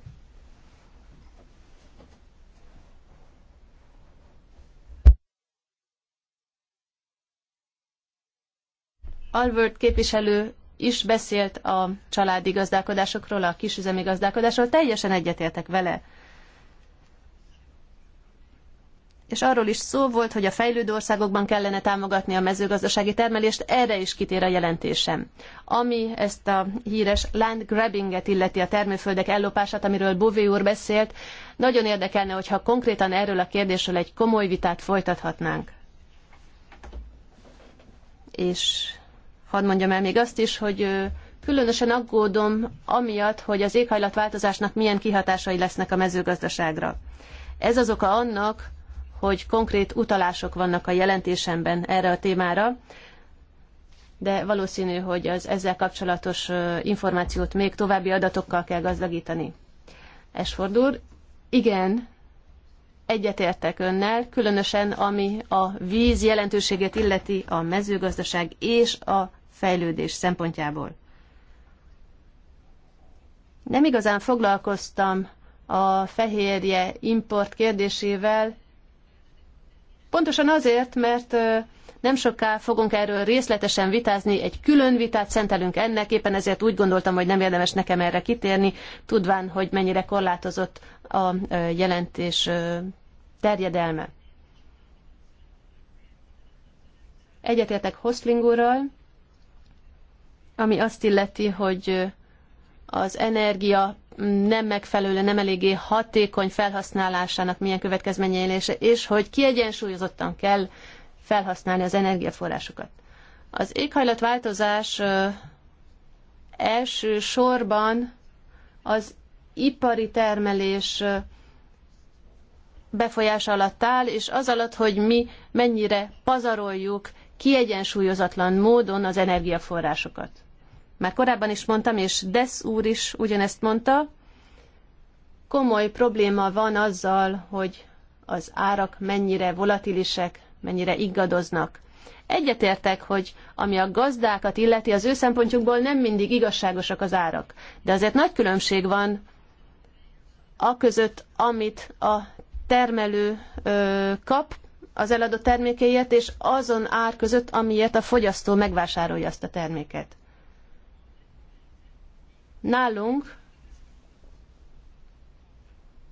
Albert képviselő is beszélt a családi gazdálkodásokról, a kisüzemi gazdálkodásról, teljesen egyetértek vele. És arról is szó volt, hogy a fejlődő országokban kellene támogatni a mezőgazdasági termelést, erre is kitér a jelentésem. Ami ezt a híres land grabbinget illeti a termőföldek ellopását, amiről Bové úr beszélt, nagyon érdekelne, hogyha konkrétan erről a kérdésről egy komoly vitát folytathatnánk és Hadd mondjam el még azt is, hogy különösen aggódom amiatt, hogy az éghajlatváltozásnak milyen kihatásai lesznek a mezőgazdaságra. Ez az oka annak, hogy konkrét utalások vannak a jelentésemben erre a témára, de valószínű, hogy az ezzel kapcsolatos információt még további adatokkal kell gazdagítani. Esfordul, igen, egyetértek önnel, különösen ami a víz jelentőségét illeti a mezőgazdaság és a fejlődés szempontjából. Nem igazán foglalkoztam a fehérje import kérdésével, pontosan azért, mert nem soká fogunk erről részletesen vitázni, egy külön vitát szentelünk ennek, éppen ezért úgy gondoltam, hogy nem érdemes nekem erre kitérni, tudván, hogy mennyire korlátozott a jelentés terjedelme. Egyetértek Hoszling úrral, ami azt illeti, hogy az energia nem megfelelő, nem eléggé hatékony felhasználásának milyen következménye és hogy kiegyensúlyozottan kell felhasználni az energiaforrásokat. Az éghajlatváltozás első sorban az ipari termelés befolyása alatt áll, és az alatt, hogy mi mennyire pazaroljuk kiegyensúlyozatlan módon az energiaforrásokat már korábban is mondtam, és Desz úr is ugyanezt mondta, komoly probléma van azzal, hogy az árak mennyire volatilisek, mennyire igadoznak. Egyetértek, hogy ami a gazdákat illeti, az ő szempontjukból nem mindig igazságosak az árak. De azért nagy különbség van a között, amit a termelő ö, kap az eladott termékéért, és azon ár között, amiért a fogyasztó megvásárolja azt a terméket. Nálunk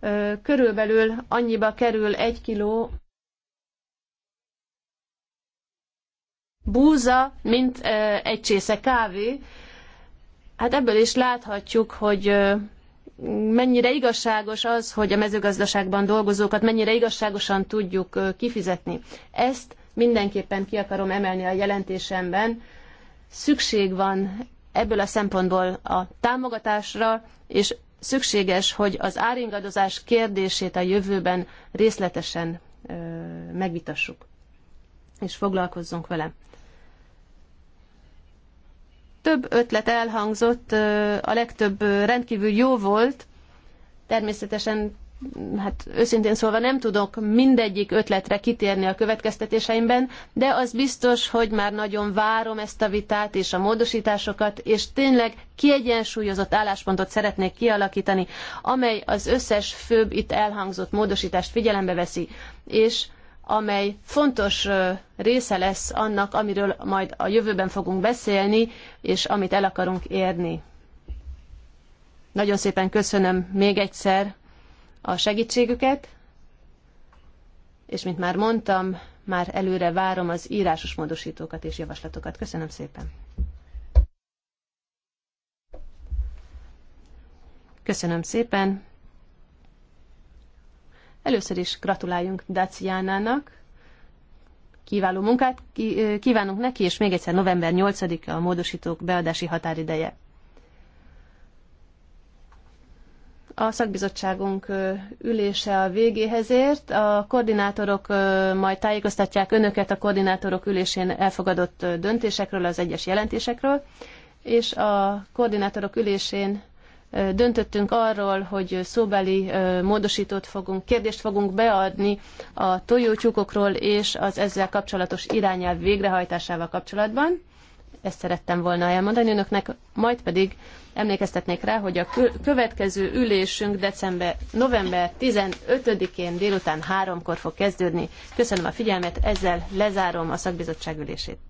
ö, körülbelül annyiba kerül egy kiló búza, mint ö, egy csésze kávé. Hát ebből is láthatjuk, hogy ö, mennyire igazságos az, hogy a mezőgazdaságban dolgozókat mennyire igazságosan tudjuk kifizetni. Ezt mindenképpen ki akarom emelni a jelentésemben. Szükség van ebből a szempontból a támogatásra, és szükséges, hogy az áringadozás kérdését a jövőben részletesen megvitassuk, és foglalkozzunk vele. Több ötlet elhangzott, a legtöbb rendkívül jó volt, természetesen hát őszintén szólva nem tudok mindegyik ötletre kitérni a következtetéseimben, de az biztos, hogy már nagyon várom ezt a vitát és a módosításokat, és tényleg kiegyensúlyozott álláspontot szeretnék kialakítani, amely az összes főbb itt elhangzott módosítást figyelembe veszi, és amely fontos része lesz annak, amiről majd a jövőben fogunk beszélni, és amit el akarunk érni. Nagyon szépen köszönöm még egyszer a segítségüket, és mint már mondtam, már előre várom az írásos módosítókat és javaslatokat. Köszönöm szépen! Köszönöm szépen! Először is gratuláljunk Daciánának. Kiváló munkát kívánunk neki, és még egyszer november 8-a a módosítók beadási határideje. A szakbizottságunk ülése a végéhez ért. A koordinátorok majd tájékoztatják önöket a koordinátorok ülésén elfogadott döntésekről, az egyes jelentésekről, és a koordinátorok ülésén döntöttünk arról, hogy szóbeli módosítót fogunk, kérdést fogunk beadni a tojótyúkokról és az ezzel kapcsolatos irányelv végrehajtásával kapcsolatban. Ezt szerettem volna elmondani önöknek, majd pedig Emlékeztetnék rá, hogy a következő ülésünk december, november 15-én délután háromkor fog kezdődni. Köszönöm a figyelmet, ezzel lezárom a szakbizottság ülését.